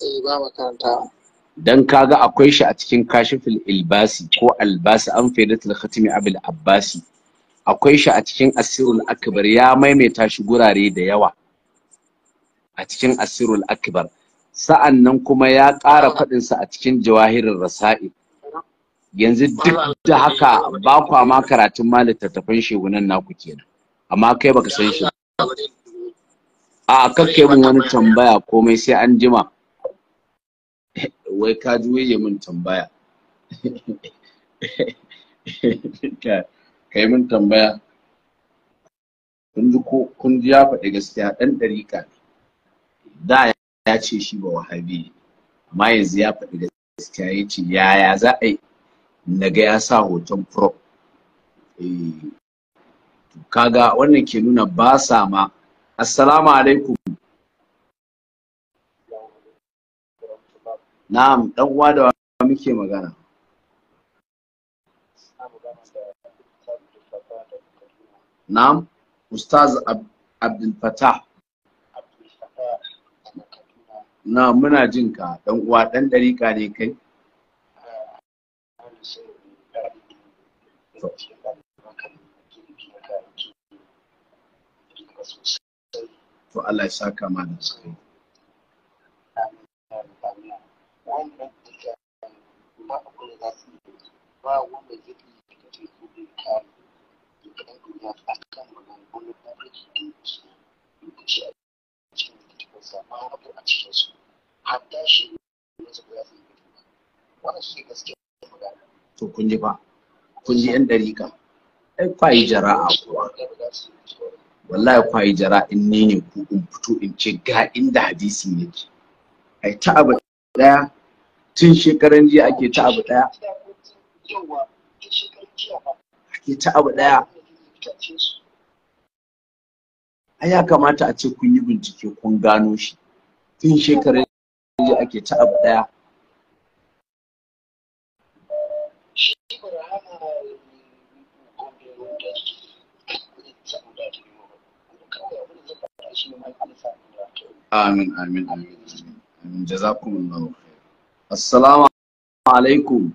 Eh, ba ga dan kaga akwai shi a cikin kashiful ilbasi ko albasi an faidatul khatimi abul abbasi akwai shi a cikin asirul akbar ya maimaita shi gurare da yawa a cikin asirul akbar sa'an nan kuma ya ƙara faɗinsa a cikin jawahirin rasa'i yanzu duk da haka ba kwa ma karatun ma littattafan shegunan naku kenan amma kai baka san shi a kakke mun wani tambaya komai sai an jima wai ka ji waye min tambaya kai min tambaya kun ji ya faɗi gaskiya ɗan ɗari ne da ya ce shi ba wahabi amma yanzu ya faɗi gaskiya ya ce yaya za a yi na ya sa hoton prop eh, kaga wannan ke nuna ba sa ma assalamu alaikum Na'am, dan uwa da muke magana. Na'am, Ustaz Abdul Fatah. Na muna jin ka dan uwa dan dariƙa ne kai. To Allah ya saka malam kai. wannan tijani ba abin da za su yi ba wanda zai yi fice su da kare da kan duniya a kan maganganun da kake da su lokaci a cikin littattafan sama abu a cikin su hatta shi ne su ba su yi ba wannan shi gaskiya magana to kun ji ba kun ji yan dariƙa ai kwayi jara'a kuwa wallahi kwayi jara'a in ne ne ku in fito in ce ga inda hadisi ne. ai ta abu daya tun shekaran jiya ake ta abu daya ake ta abu daya a ya kamata a ce kun yi bincike kun gano shi tun shekaran jiya ake ta abu daya Amin, amin, amin, amin. Jazakumullahu Assalamu alaikum.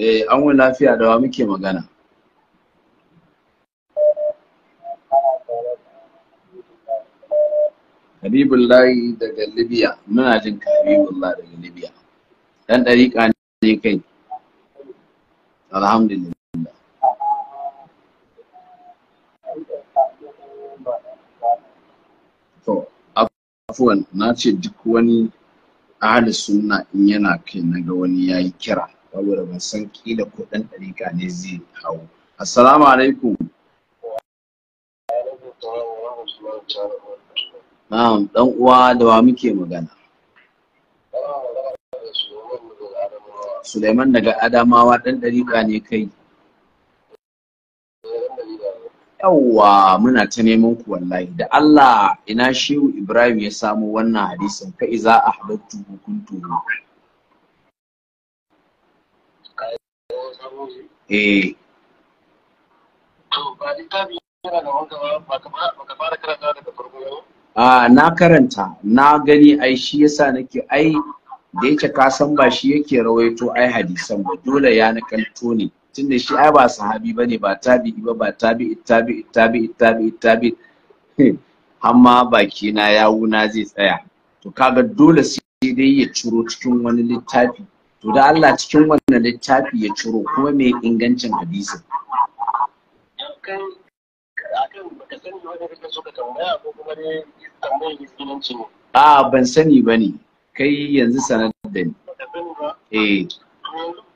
Eh, an wani lafiya da wa muke magana. Habibullahi daga Libya, muna jin ka Habibullahi daga Libya. Dan dariƙa ne kai. Alhamdulillah. afuwan na ce duk wani ahalin suna in yana kai na ga wani ya yi kira saboda ban san kila ko ɗan ne zai hau assalamu alaikum na'am dan uwa da wa muke magana Suleiman daga Adamawa ɗan ɗarika ne kai yawwa muna ta neman ku wallahi da Allah ina shehu Ibrahim ya samu wannan hadisin ka? iza ahbabtu kuntu eh a na karanta na gani ai shi yasa nake ai da yake ka san ba shi yake rawaito ai hadisan ba dole ya nakalto ne tunda shi ai ba sahabi bane ba tabi'i ba ba tabi'i tabi'i tabi'i tabi'i tabi'i amma baki na yawuna zai tsaya to kaga dole sai dai ya ciro cikin wani littafi to da Allah cikin wannan littafi ya ciro kuma mai ingancin hadisi a ban sani ba ne kai yanzu sanar da ni eh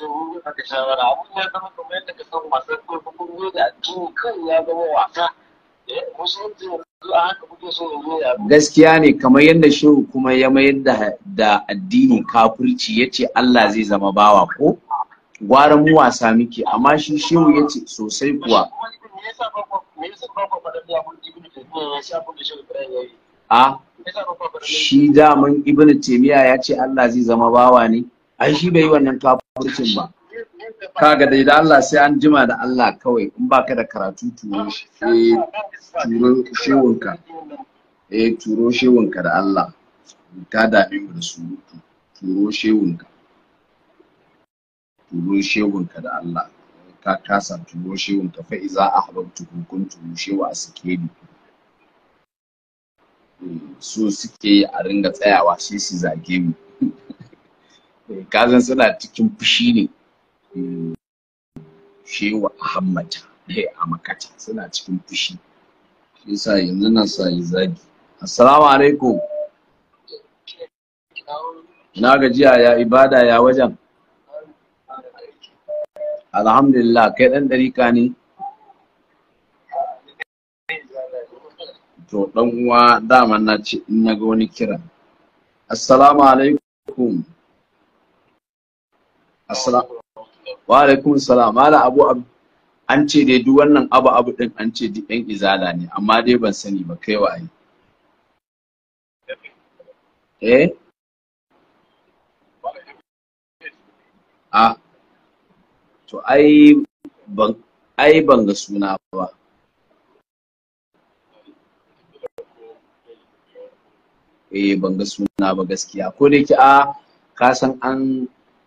kamar yadda da gaskiya ne kamar yadda shehu kuma ya mayar da da addini kafirci ya ce Allah zai zama bawa ko gwara mu wasa muke amma shi shehu ya ce sosai kuwa a shi daman ibnu taymiya ya ce Allah zai zama bawa ne ai shi bai yi wannan kafircin ba kaga dai da Allah sai an jima da Allah kawai in baka da karatu turo turo shewunka eh turo shewunka da Allah ka da mu da surutu turo shewunka turo shewunka da Allah ka kasa turo shewunka fa iza ahbabtu kun turo shewa a eh, so suke a ringa tsayawa sai su zage mu kazan suna cikin fushi ne shewa ahammata dai a makata suna cikin fushi shi sa yanzu na sa yi zagi assalamu alaikum na gajiya ya ibada ya wajen alhamdulillah kai dan dariƙa ne to dan uwa dama na ce in na ga wani kira assalamu alaikum Assalamu wa alaikum salam mala abu an ce dai duk wannan abu abu din an ce duk yan izala ne amma dai ban sani ba kai wa'ayi eh a to ai ban ai ban ga suna ba eh ban ga suna ba gaskiya ko dai ki a ka san an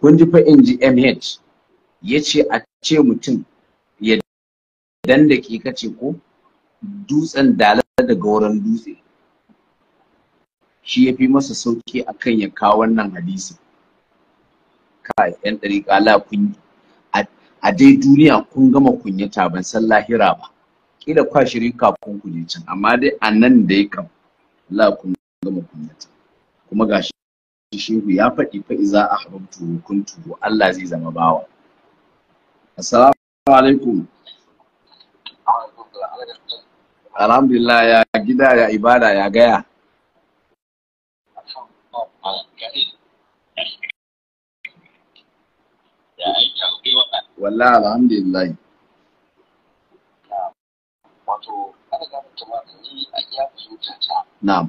kun ji fa in ji mh ya ce a ce mutum ya dan da ke kace ko dutsen dala daga wurin dutse shi ya fi masa sauki akan ya kawo wannan hadisi kai yan dariƙa la kun a dai duniya kun gama kunyata ban san lahira ba kila kwa shirin kafin ku je can amma dai a nan dai kam la kun gama kuma gashi shehu ya faɗi fa iza ahbabtu kuntu Allah zai zama bawa assalamu alaikum alhamdulillah ya gida ya ibada ya gaya wallahi alhamdulillah wato kada ga mutum ni a iya fahimta ta na'am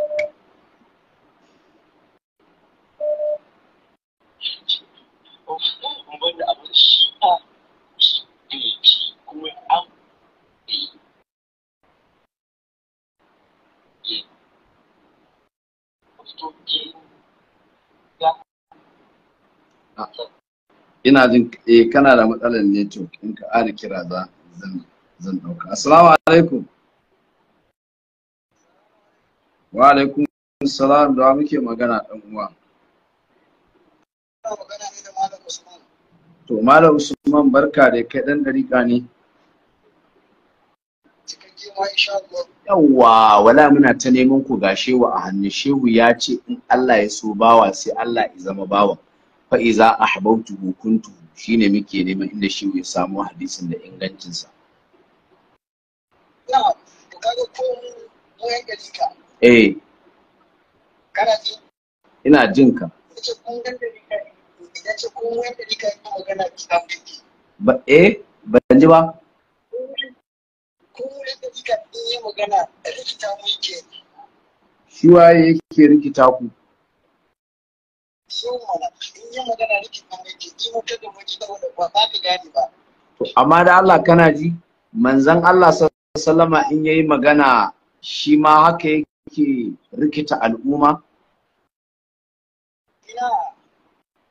ina jin eh kana da matsalar network in ka ara kira za zan zan dauka assalamu alaikum wa alaikum assalam da muke magana dan uwa to malam usman barka da kai dan dariƙa ne yawwa wala muna ta neman ku ga shehu a hannu shehu ya ce in Allah ya so bawa sai Allah ya zama bawa Fa'iza, iza ahbautuhu kuntu shine muke neman inda shi ya samu hadisin da ingancinsa. Na kaga ko mu yanke jika eh kana ji ina jin ka ce kun ganda dika idan ce kun yanke dika ina magana kitab ba eh ban ji ba shi waye yake rikita ku amma da Allah kana ji manzon Allah sallama in yayi magana shi ma haka yake rikita al'umma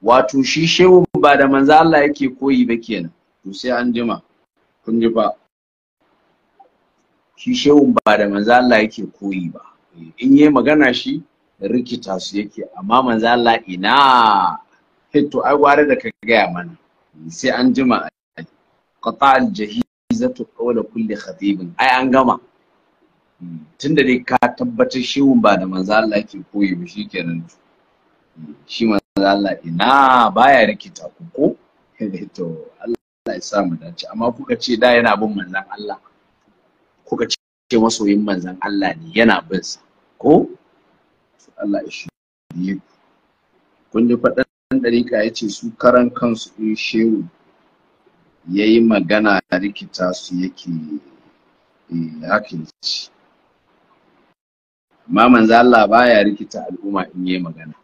wato shi shehu ba da manzon Allah yake koyi ba kenan to sai an jima kun ji ba shi shehu ba da manzon Allah yake koyi ba in yayi magana shi rikita su yake amma manzo Allah ina to ai gware da ka gaya mana sai an jima qata al jahizatu qawla kulli khatibin ai an gama hmm. tunda dai ka tabbatar shehun ba da manzo Allah yake koyi ba shikenan hmm. shi manzo Allah ina baya rikita ku ko to Allah ya sa mu dace amma kuka ce da yana bin manzon Allah kuka ce masoyin manzon Allah ne yana bin sa ko Allah ya shirye ku kun ji faɗan ɗariƙa ya ce su karan kansu in shehu ya yi magana rikita su yake eh, hakin ci amma manzo Allah baya rikita al'umma in yi magana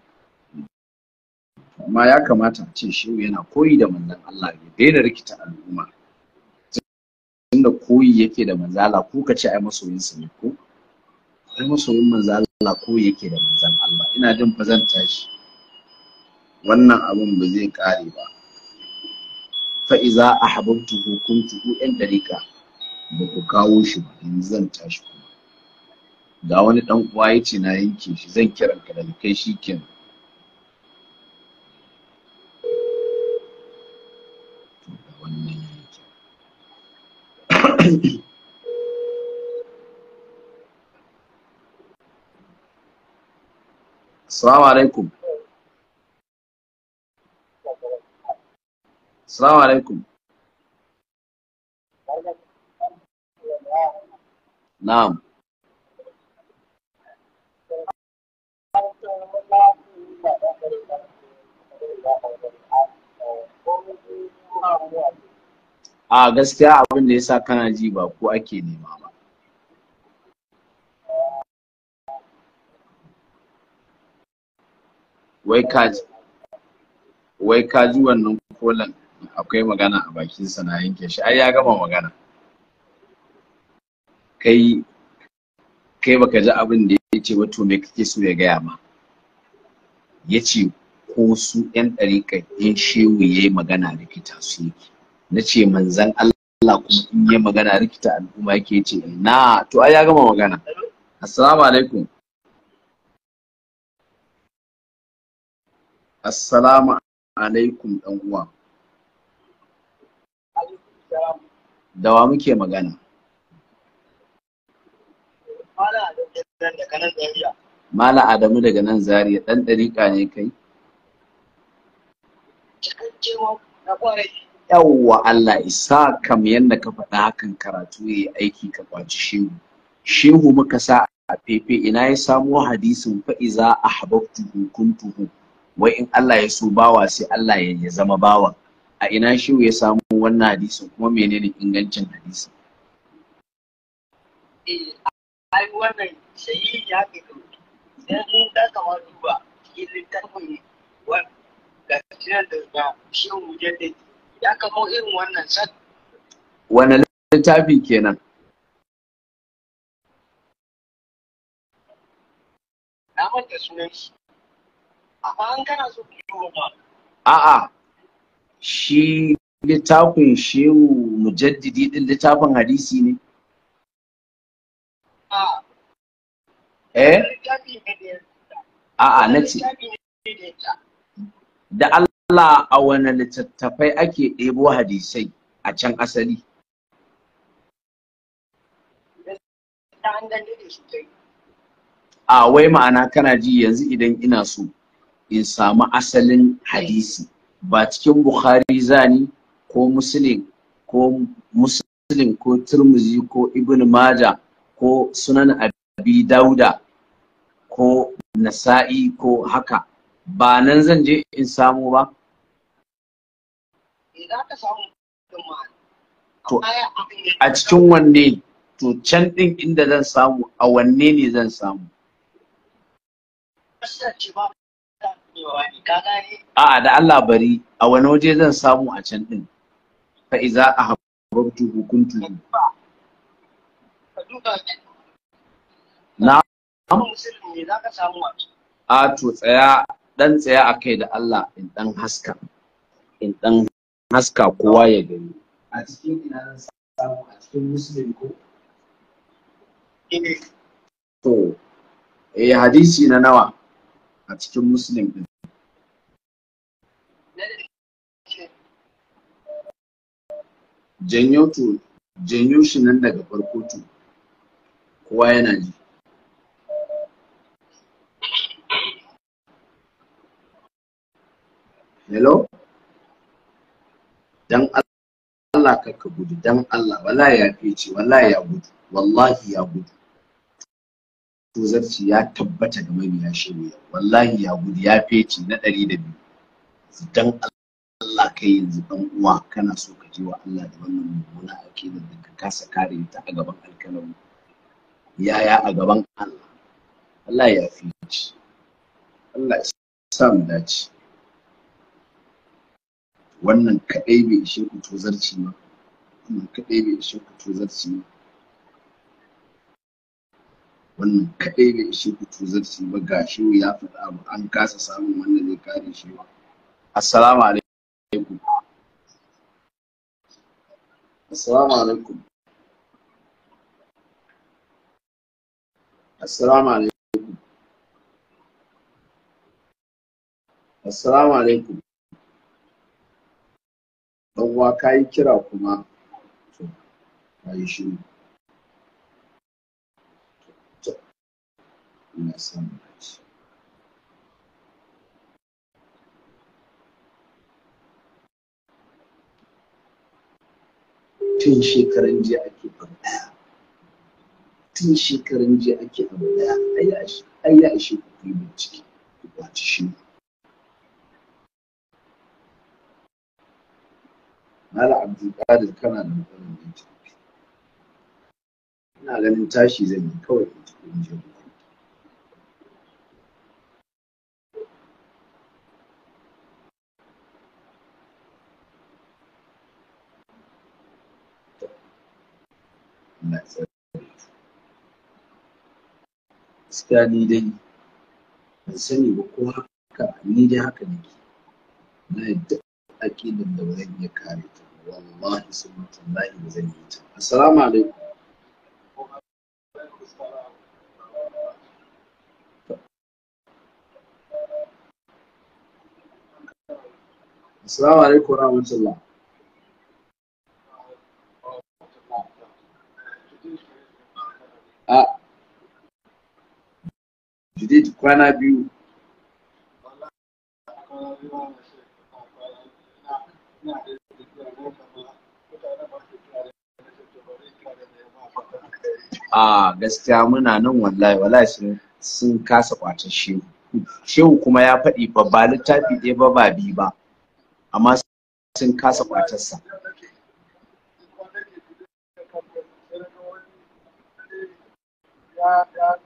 amma ya kamata a ce shehu yana koyi da manzon Allah ya daina rikita al'umma tunda koyi yake da manzo Allah ko ka ce ai masoyinsa ne ko ai masoyin manzo Allah ko yake da manzon Allah ina jin ba zan tashi wannan abun ba zai kare ba fa iza ahbabtuhu kuntu yan dariqa ba ku kawo shi ba in zan tashi kuma ga wani dan uwa yace na yanke shi zan kiran ka da kai shikenan wannan yake Assalamu alaikum. alaikum. Na'am. A gaskiya abin da ya sa kana ji ba ko ake nema ba. wai kaji wai kaji wannan kolan akwai magana a bakinsa na yanke shi ai ya gama magana kai kai baka ji abin da ya ce wato me kake so ya gaya ma ya ce ko su yan ɗariƙa in shehu ya yi magana rikita su yake na ce manzan Allah kuma in yi magana rikita al'umma yake ce na to ai ya gama magana assalamu alaikum assalamu alaikum ɗan uwa dawa muke magana mala adamu daga nan zariya ɗan dariƙa ne kai yawwa Allah isa kam yadda ka faɗa hakan karatu ya yi aiki ka kwaci shehu shehu muka sa a fefe ina ya samo hadisin fa'iza a habaktu tuhu? wai in Allah ya so bawa sai Allah ya zama bawan a ina shi ya samu wannan hadisi kuma menene ingancin Eh, ai wannan shayi ya ke ko sai mun da kama duba cikin littafin wanda cikin da ba shi mujallid ya kama irin wannan sat wannan littafi kenan na manta sunan shi a'a shi littafin shehu mujaddidi din littafin hadisi ne eh a'a na ce da Allah a wani littattafai ake ɗebo hadisai a can asali a wai ma'ana kana ji yanzu idan ina so in samu asalin hadisi ba cikin bukhari zani ko muslim ko muslim ko turmuzi ko ibn maja ko sunan abi dauda ko nasa'i ko haka ba nan zan je in samu ba a cikin wanne to can ɗin inda zan samu a wanne ne zan samu a'a da Allah bari a wani waje zan samu a can din fa iza ahabbtu hukuntu na a to tsaya dan tsaya akai da Allah in dan haska in dan haska kowa ya gani a cikin ina zan samu a cikin muslim ko eh. to eh hadisi na nawa a cikin Musulmi janyo to janyo shi nan daga farko to kowa yana ji hello dan Allah ka ka gudu dan Allah wallahi ya fice wallahi ya gudu wallahi ya gudu to zarci ya tabbata ga shi ne, wallahi ya gudu ya fice na 102 dan Allah kai yanzu dan uwa kana so ka je wa Allah da wannan mummuna akidar da ka kasa kare ta a gaban alkalamu yaya a gaban Allah Allah ya fi ci Allah ya sa mu dace wannan kadai bai ishe ku tozarci ba wannan kadai bai ishe ku tozarci ba wannan kadai bai ishe ku tozarci ba ga shi ya faɗa an kasa samun wannan zai kare shi ba assalamu alaikum Assalamu alaikum. Assalamu alaikum. Assalamu alaikum. Dan uwa kai kira kuma kai shi. Ina samu. tun shekaran jiya ake abu daya tun shekaran jiya ake abu daya ai a ishe ku kai bincike ba kwaci shi Mala Abdulkadir kana da matsalar bincike. Ina ganin tashi zan yi kawai in jiya gaskiya sani ba ko haka ni dai haka nake na kare ta wallahi Assalamu alaikum warahmatullahi kwana biyu a gaskiya muna nan wallahi wallahi sun kasa kwatar shehu shehu kuma ya faɗi babba ba littafi ɗaya ba ba biyu ba amma sun kasa kwatarsa yeah.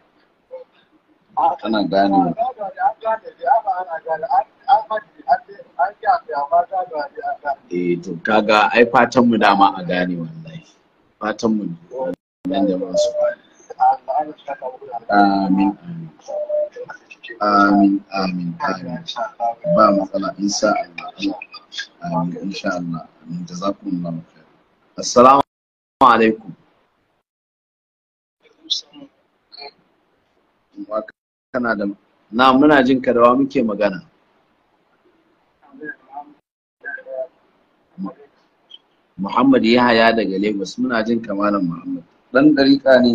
tana gane eh to kaga ai fatan mu dama a gane wallahi fatan mu nan da masu amin amin amin amin ba matsala insha Allah amin insha Allah amin jazakumullahu khair assalamu alaikum kana da na muna jin ka da wa muke magana Muhammad Yahaya daga Lagos muna jin ka malam Muhammad dan dariƙa ne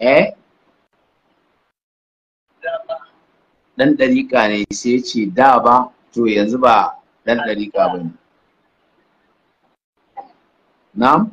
eh dan dariƙa ne sai ce da ba to yanzu ba dan dariƙa ba ne na'am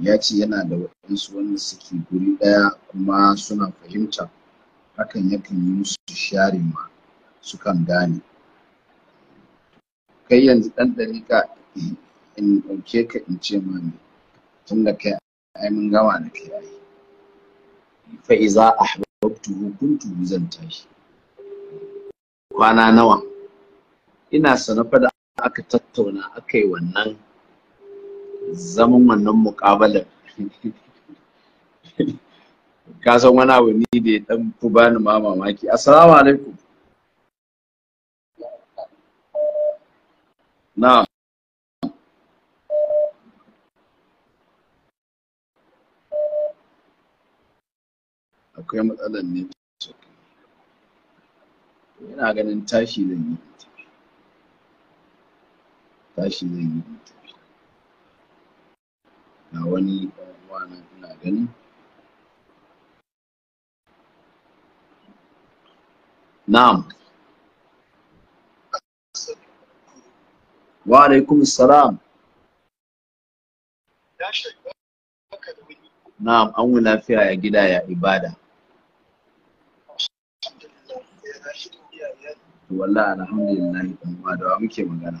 ya ce yana da waɗansu wanda suke guri ɗaya kuma suna fahimta hakan yakan yi musu share ma su kan gane kai yanzu ɗan ɗarika in ɗauke ka in ce ma ne tun da kai ai mun gama da kai ai fa iza ahbabtuhu hukuntu zan tashi kwana nawa ina sanafa da aka tattauna aka yi wannan zaman wannan mukabalar ka san wani abu ni da ya dan fi bani ma mamaki assalamu alaikum na akwai matsalar ne yana ganin tashi zan yi tashi zan yi ga wani ɗan ina gani na'am wa alaikum salam na'am an wu lafiya ya gida ya ibada wallahi alhamdulillah dan wa muke magana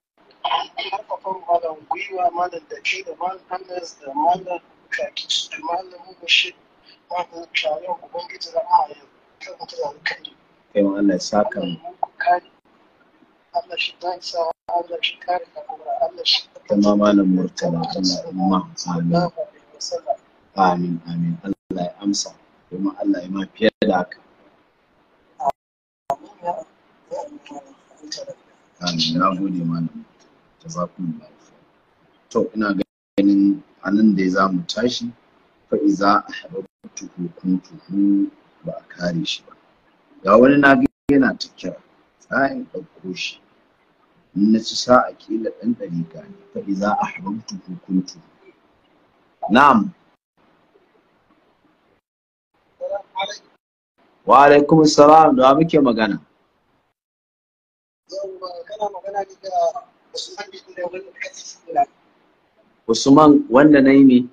karfafan malam gwiwa malam da ke da malam hannas da malam kaki da malam mushi malam shayon ubangiji da ma'ayin kan mutane kan yi kai ma Allah sa mu Allah shi dansa Allah shi kare ka kuma Allah shi kuma malam murtala umma amin amin amin Allah ya amsa kuma Allah ya ma fiye da haka amin ya amin na gode malam ta jazakumullahu to ina ganin anan da za mu tashi fa iza ahbabtuhu kuntuhu ba a kare shi ba ga wani na ga yana ta kira tsayin ɗauko shi na ci sa'a kila ɗan ɗari gani fa iza ahbabtuhu kuntuhu na'am wa alaikum salam da muke magana kana magana ne da Usman wanda na yi ne?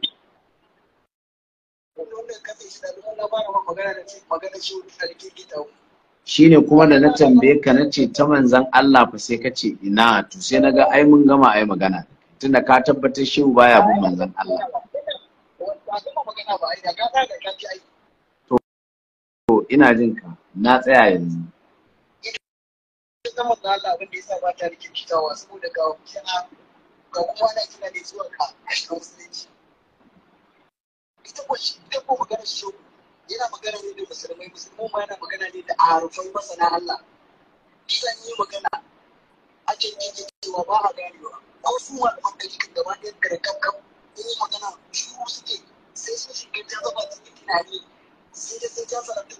Shi ne kuma da na tambaye ka na ce ta manzan Allah fa sai ka ce ina to sai na ga ai mun gama ai magana tunda ka tabbatar shi baya bin manzan Allah. To ina jin ka na tsaya yanzu. musamman manzo Allah abin da ya sa ba ta rikitawa saboda ga kina ga kuma na kina ne zuwa ga ashirin musulunci ita ko shi ita ko magana shi yana magana ne da musulmai musulmai ma yana magana ne da arufai masana Allah kisa ne magana a can kike cewa ba a ganewa ko su ma da kan gaba da karkakkan ni magana shi suke sai sun shiga ta zaba cikin tunani sai da sai ta sanar da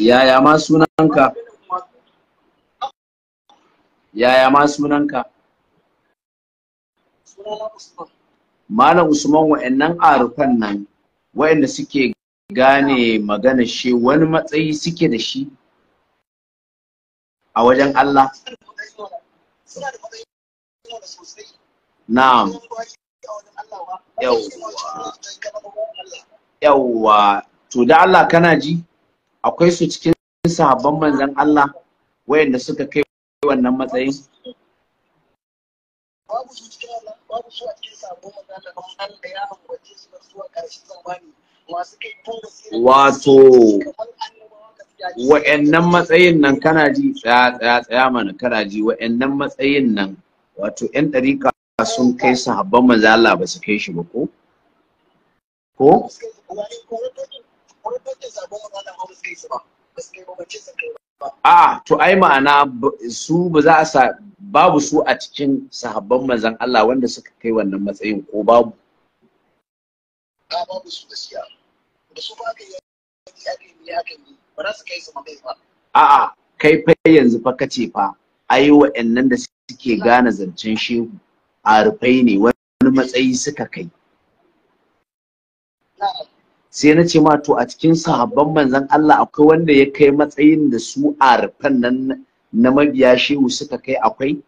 yaya ma sunanka yaya ma sunanka Malam Usman wa'annan arufan nan wa'anda suke gane magana shi wani matsayi suke da shi a wajen Allah. Na'am. Yawwa. Yawwa. To da Allah kana ji? akwai su cikin sahabban manzan Allah wayanda suka kai wannan matsayin wato wa'annan matsayin nan kana ji tsaya tsaya tsaya mana kana ji wa'annan matsayin nan wato yan ɗarika sun kai sahabban manzan Allah ba su kai shi ba ko ko A'a, to ai ma'ana su ba za a sa babu su a cikin sahabban manzon Allah wanda suka kai wannan matsayin ko babu. A babu su gaskiya. Da su ba ka yi yi ba za su kai su ba. A'a, kai fa yanzu fa kace fa ai wa'annan da suke gane zancen shehu a rufai ne wani matsayi suka kai. Na'am. sai na ce ma to a cikin sahabban manzan Allah akwai wanda ya kai matsayin da su a rufan nan na mabiya shehu suka kai akwai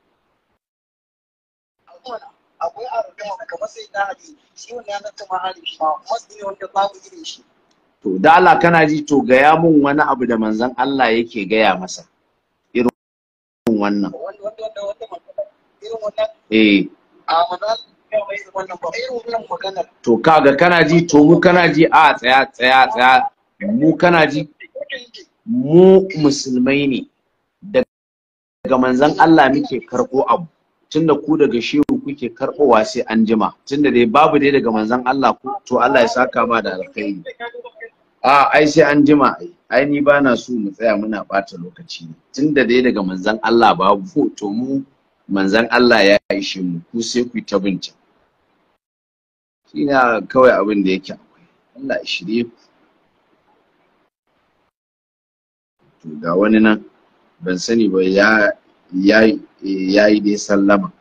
akwai a rufan kamar sai na hadi shi wannan ya zanta ma hali ma masu ne wanda babu irin shi to da Allah kana ji to gaya mun wani abu da manzan Allah yake gaya masa irin wannan to kaga kana ji to mu kana ji a tsaya tsaya tsaya mu kana ji mu musulmai ne daga manzan Allah muke karɓo abu tunda ku daga shehu kuke karɓowa sai an jima tunda dai babu dai daga manzan Allah ku to Allah ya saka ma da alkhairi a ai sai an jima ai ni ba na so mu tsaya muna bata lokaci ne tunda dai daga manzan Allah babu to mu manzan Allah ya ishe mu ku sai ku ta bincike shi kawai abin da yake akwai Allah ya shirye ku to ga wani nan ban sani ba ya ya yi dai sallama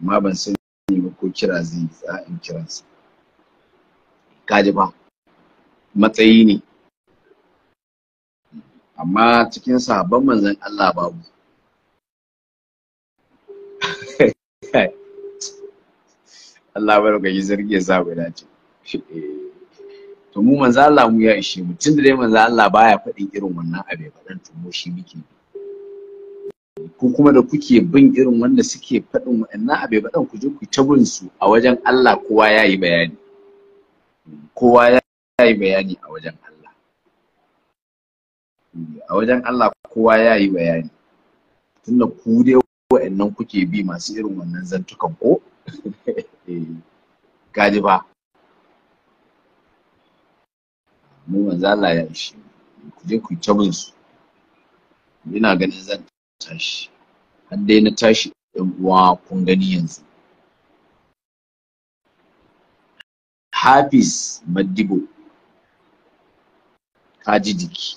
amma ban sani ba ko kira zai za in kiransa kaji ba matsayi ne amma cikin sabon manzon Allah babu Allah bar ga yi zargi ya sa da ce to mu manzo Allah mu ya ishe mu tunda dai manzo Allah baya faɗin irin wannan ba dan tumo shi muke ku kuma da kuke bin irin wanda suke faɗin waɗannan ba dan ku je ku ta bin su a wajen Allah kowa ya yi bayani kowa ya yi bayani a wajen Allah a wajen Allah kowa ya yi bayani tunda ku dai wa'annan kuke bi masu irin wannan zantukan ko Eh, gaji ba mu manzo Allah ya ishe ku je ku ta su ina ganin zan tashi har dai na tashi 'yan uwa kun gani yanzu Hafiz Madibo ka ji jiki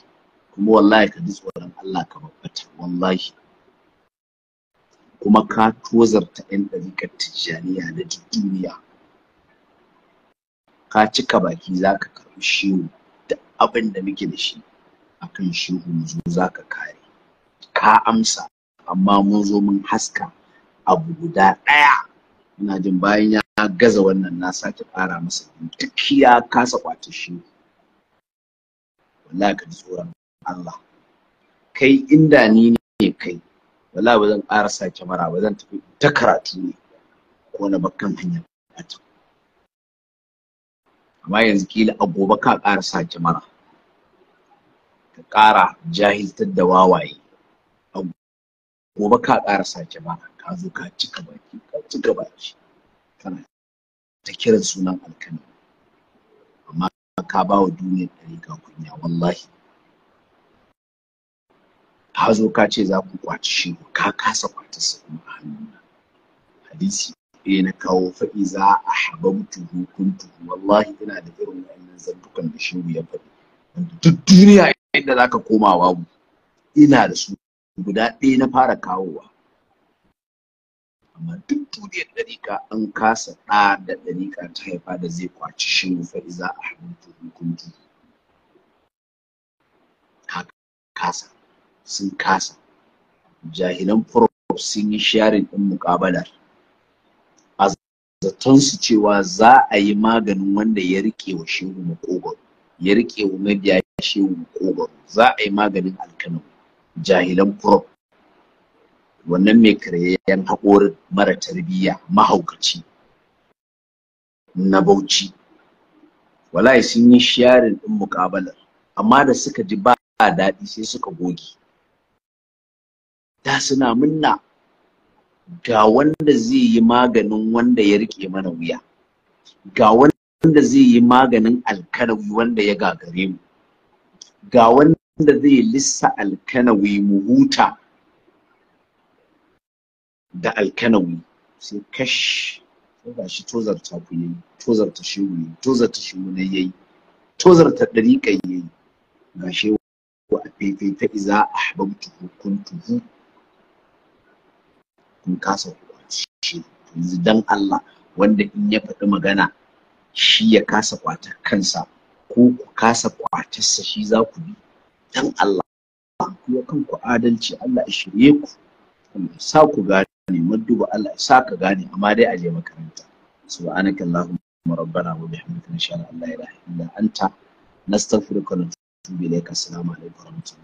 kuma wallahi ka ji tsoron Allah ka babbata wallahi kuma ka tozarta 'yan ɗariƙar tijjaniya na duniya ka cika baki za ka karɓi shehu da abin da muke da shi a kan shehu zo za ka kare ka amsa amma mun zo mun haska abu guda ɗaya ina jin bayan ya gaza wannan na sake fara masa duk ya kasa kwata shehu wallahi ka ji tsoron Allah kai inda ni ne kai wallahi ba zan ƙara sa kyamara ba zan tafi ta karatu ne ko na bakan hanyar karatu amma yanzu kila a gobe ka ƙara sa kyamara ka ƙara jahiltar da wawaye a gobe ka ƙara sa kyamara ka zo ka cika baki ka cika baki kana ta kiran sunan alkanu amma ka ba wa duniyar ɗari ka kunya wallahi ka zo ka ce za ku kwaci shi ka kasa kwata su kuma a hannuna hadisi eh na kawo faɗi za a habamtu hukuntu wallahi ina da irin wa'annan zantukan da shi ya faɗi duk duniya inda zaka koma babu ina da su guda ɗaya na fara kawowa amma duk duniyar ɗariƙa an kasa ɗa da ɗariƙa ta haifa da zai kwaci shi faɗi za a habamtu hukuntu ka kasa sun kasa jahilan Furof sun yi sharing ɗin muƙabalar. a zaton su cewa za a yi maganin wanda ya rike wa shehu makogoro ya rike wa mabiya shehu makogoro za a yi maganin alkanu jahilan Furof. wannan mai kirayayyen haƙorin mara tarbiyya mahaukaci na bauchi wallahi sun yi sharing ɗin muƙabalar, amma da suka ji ba daɗi sai suka goge da suna munna ga wanda zai yi maganin wanda ya rike mana wuya ga wanda zai yi maganin alkanawi wanda ya gagare mu ga wanda zai lissa alkanawi mu huta da alkanawi sai kash sai ga shi tozarta ku yayi tozarta shi ku yayi tozarta shi ku ne yayi tozarta dariƙa yayi ga shi wa afefe ta iza ahbabtu kuntu kun kasa shi yanzu dan Allah wanda in ya faɗi magana shi ya kasa kwata kansa ko ku kasa kwatarsa shi za ku bi dan Allah ku ya kanku adalci Allah ya shirye ku sa ku gane madduba Allah ya sa ka gane amma dai a je makaranta subhanaka allahumma rabbana wa bihamdika insha Allah la ilaha illa anta nastaghfiruka wa natubu ilayka assalamu alaikum wa rahmatullahi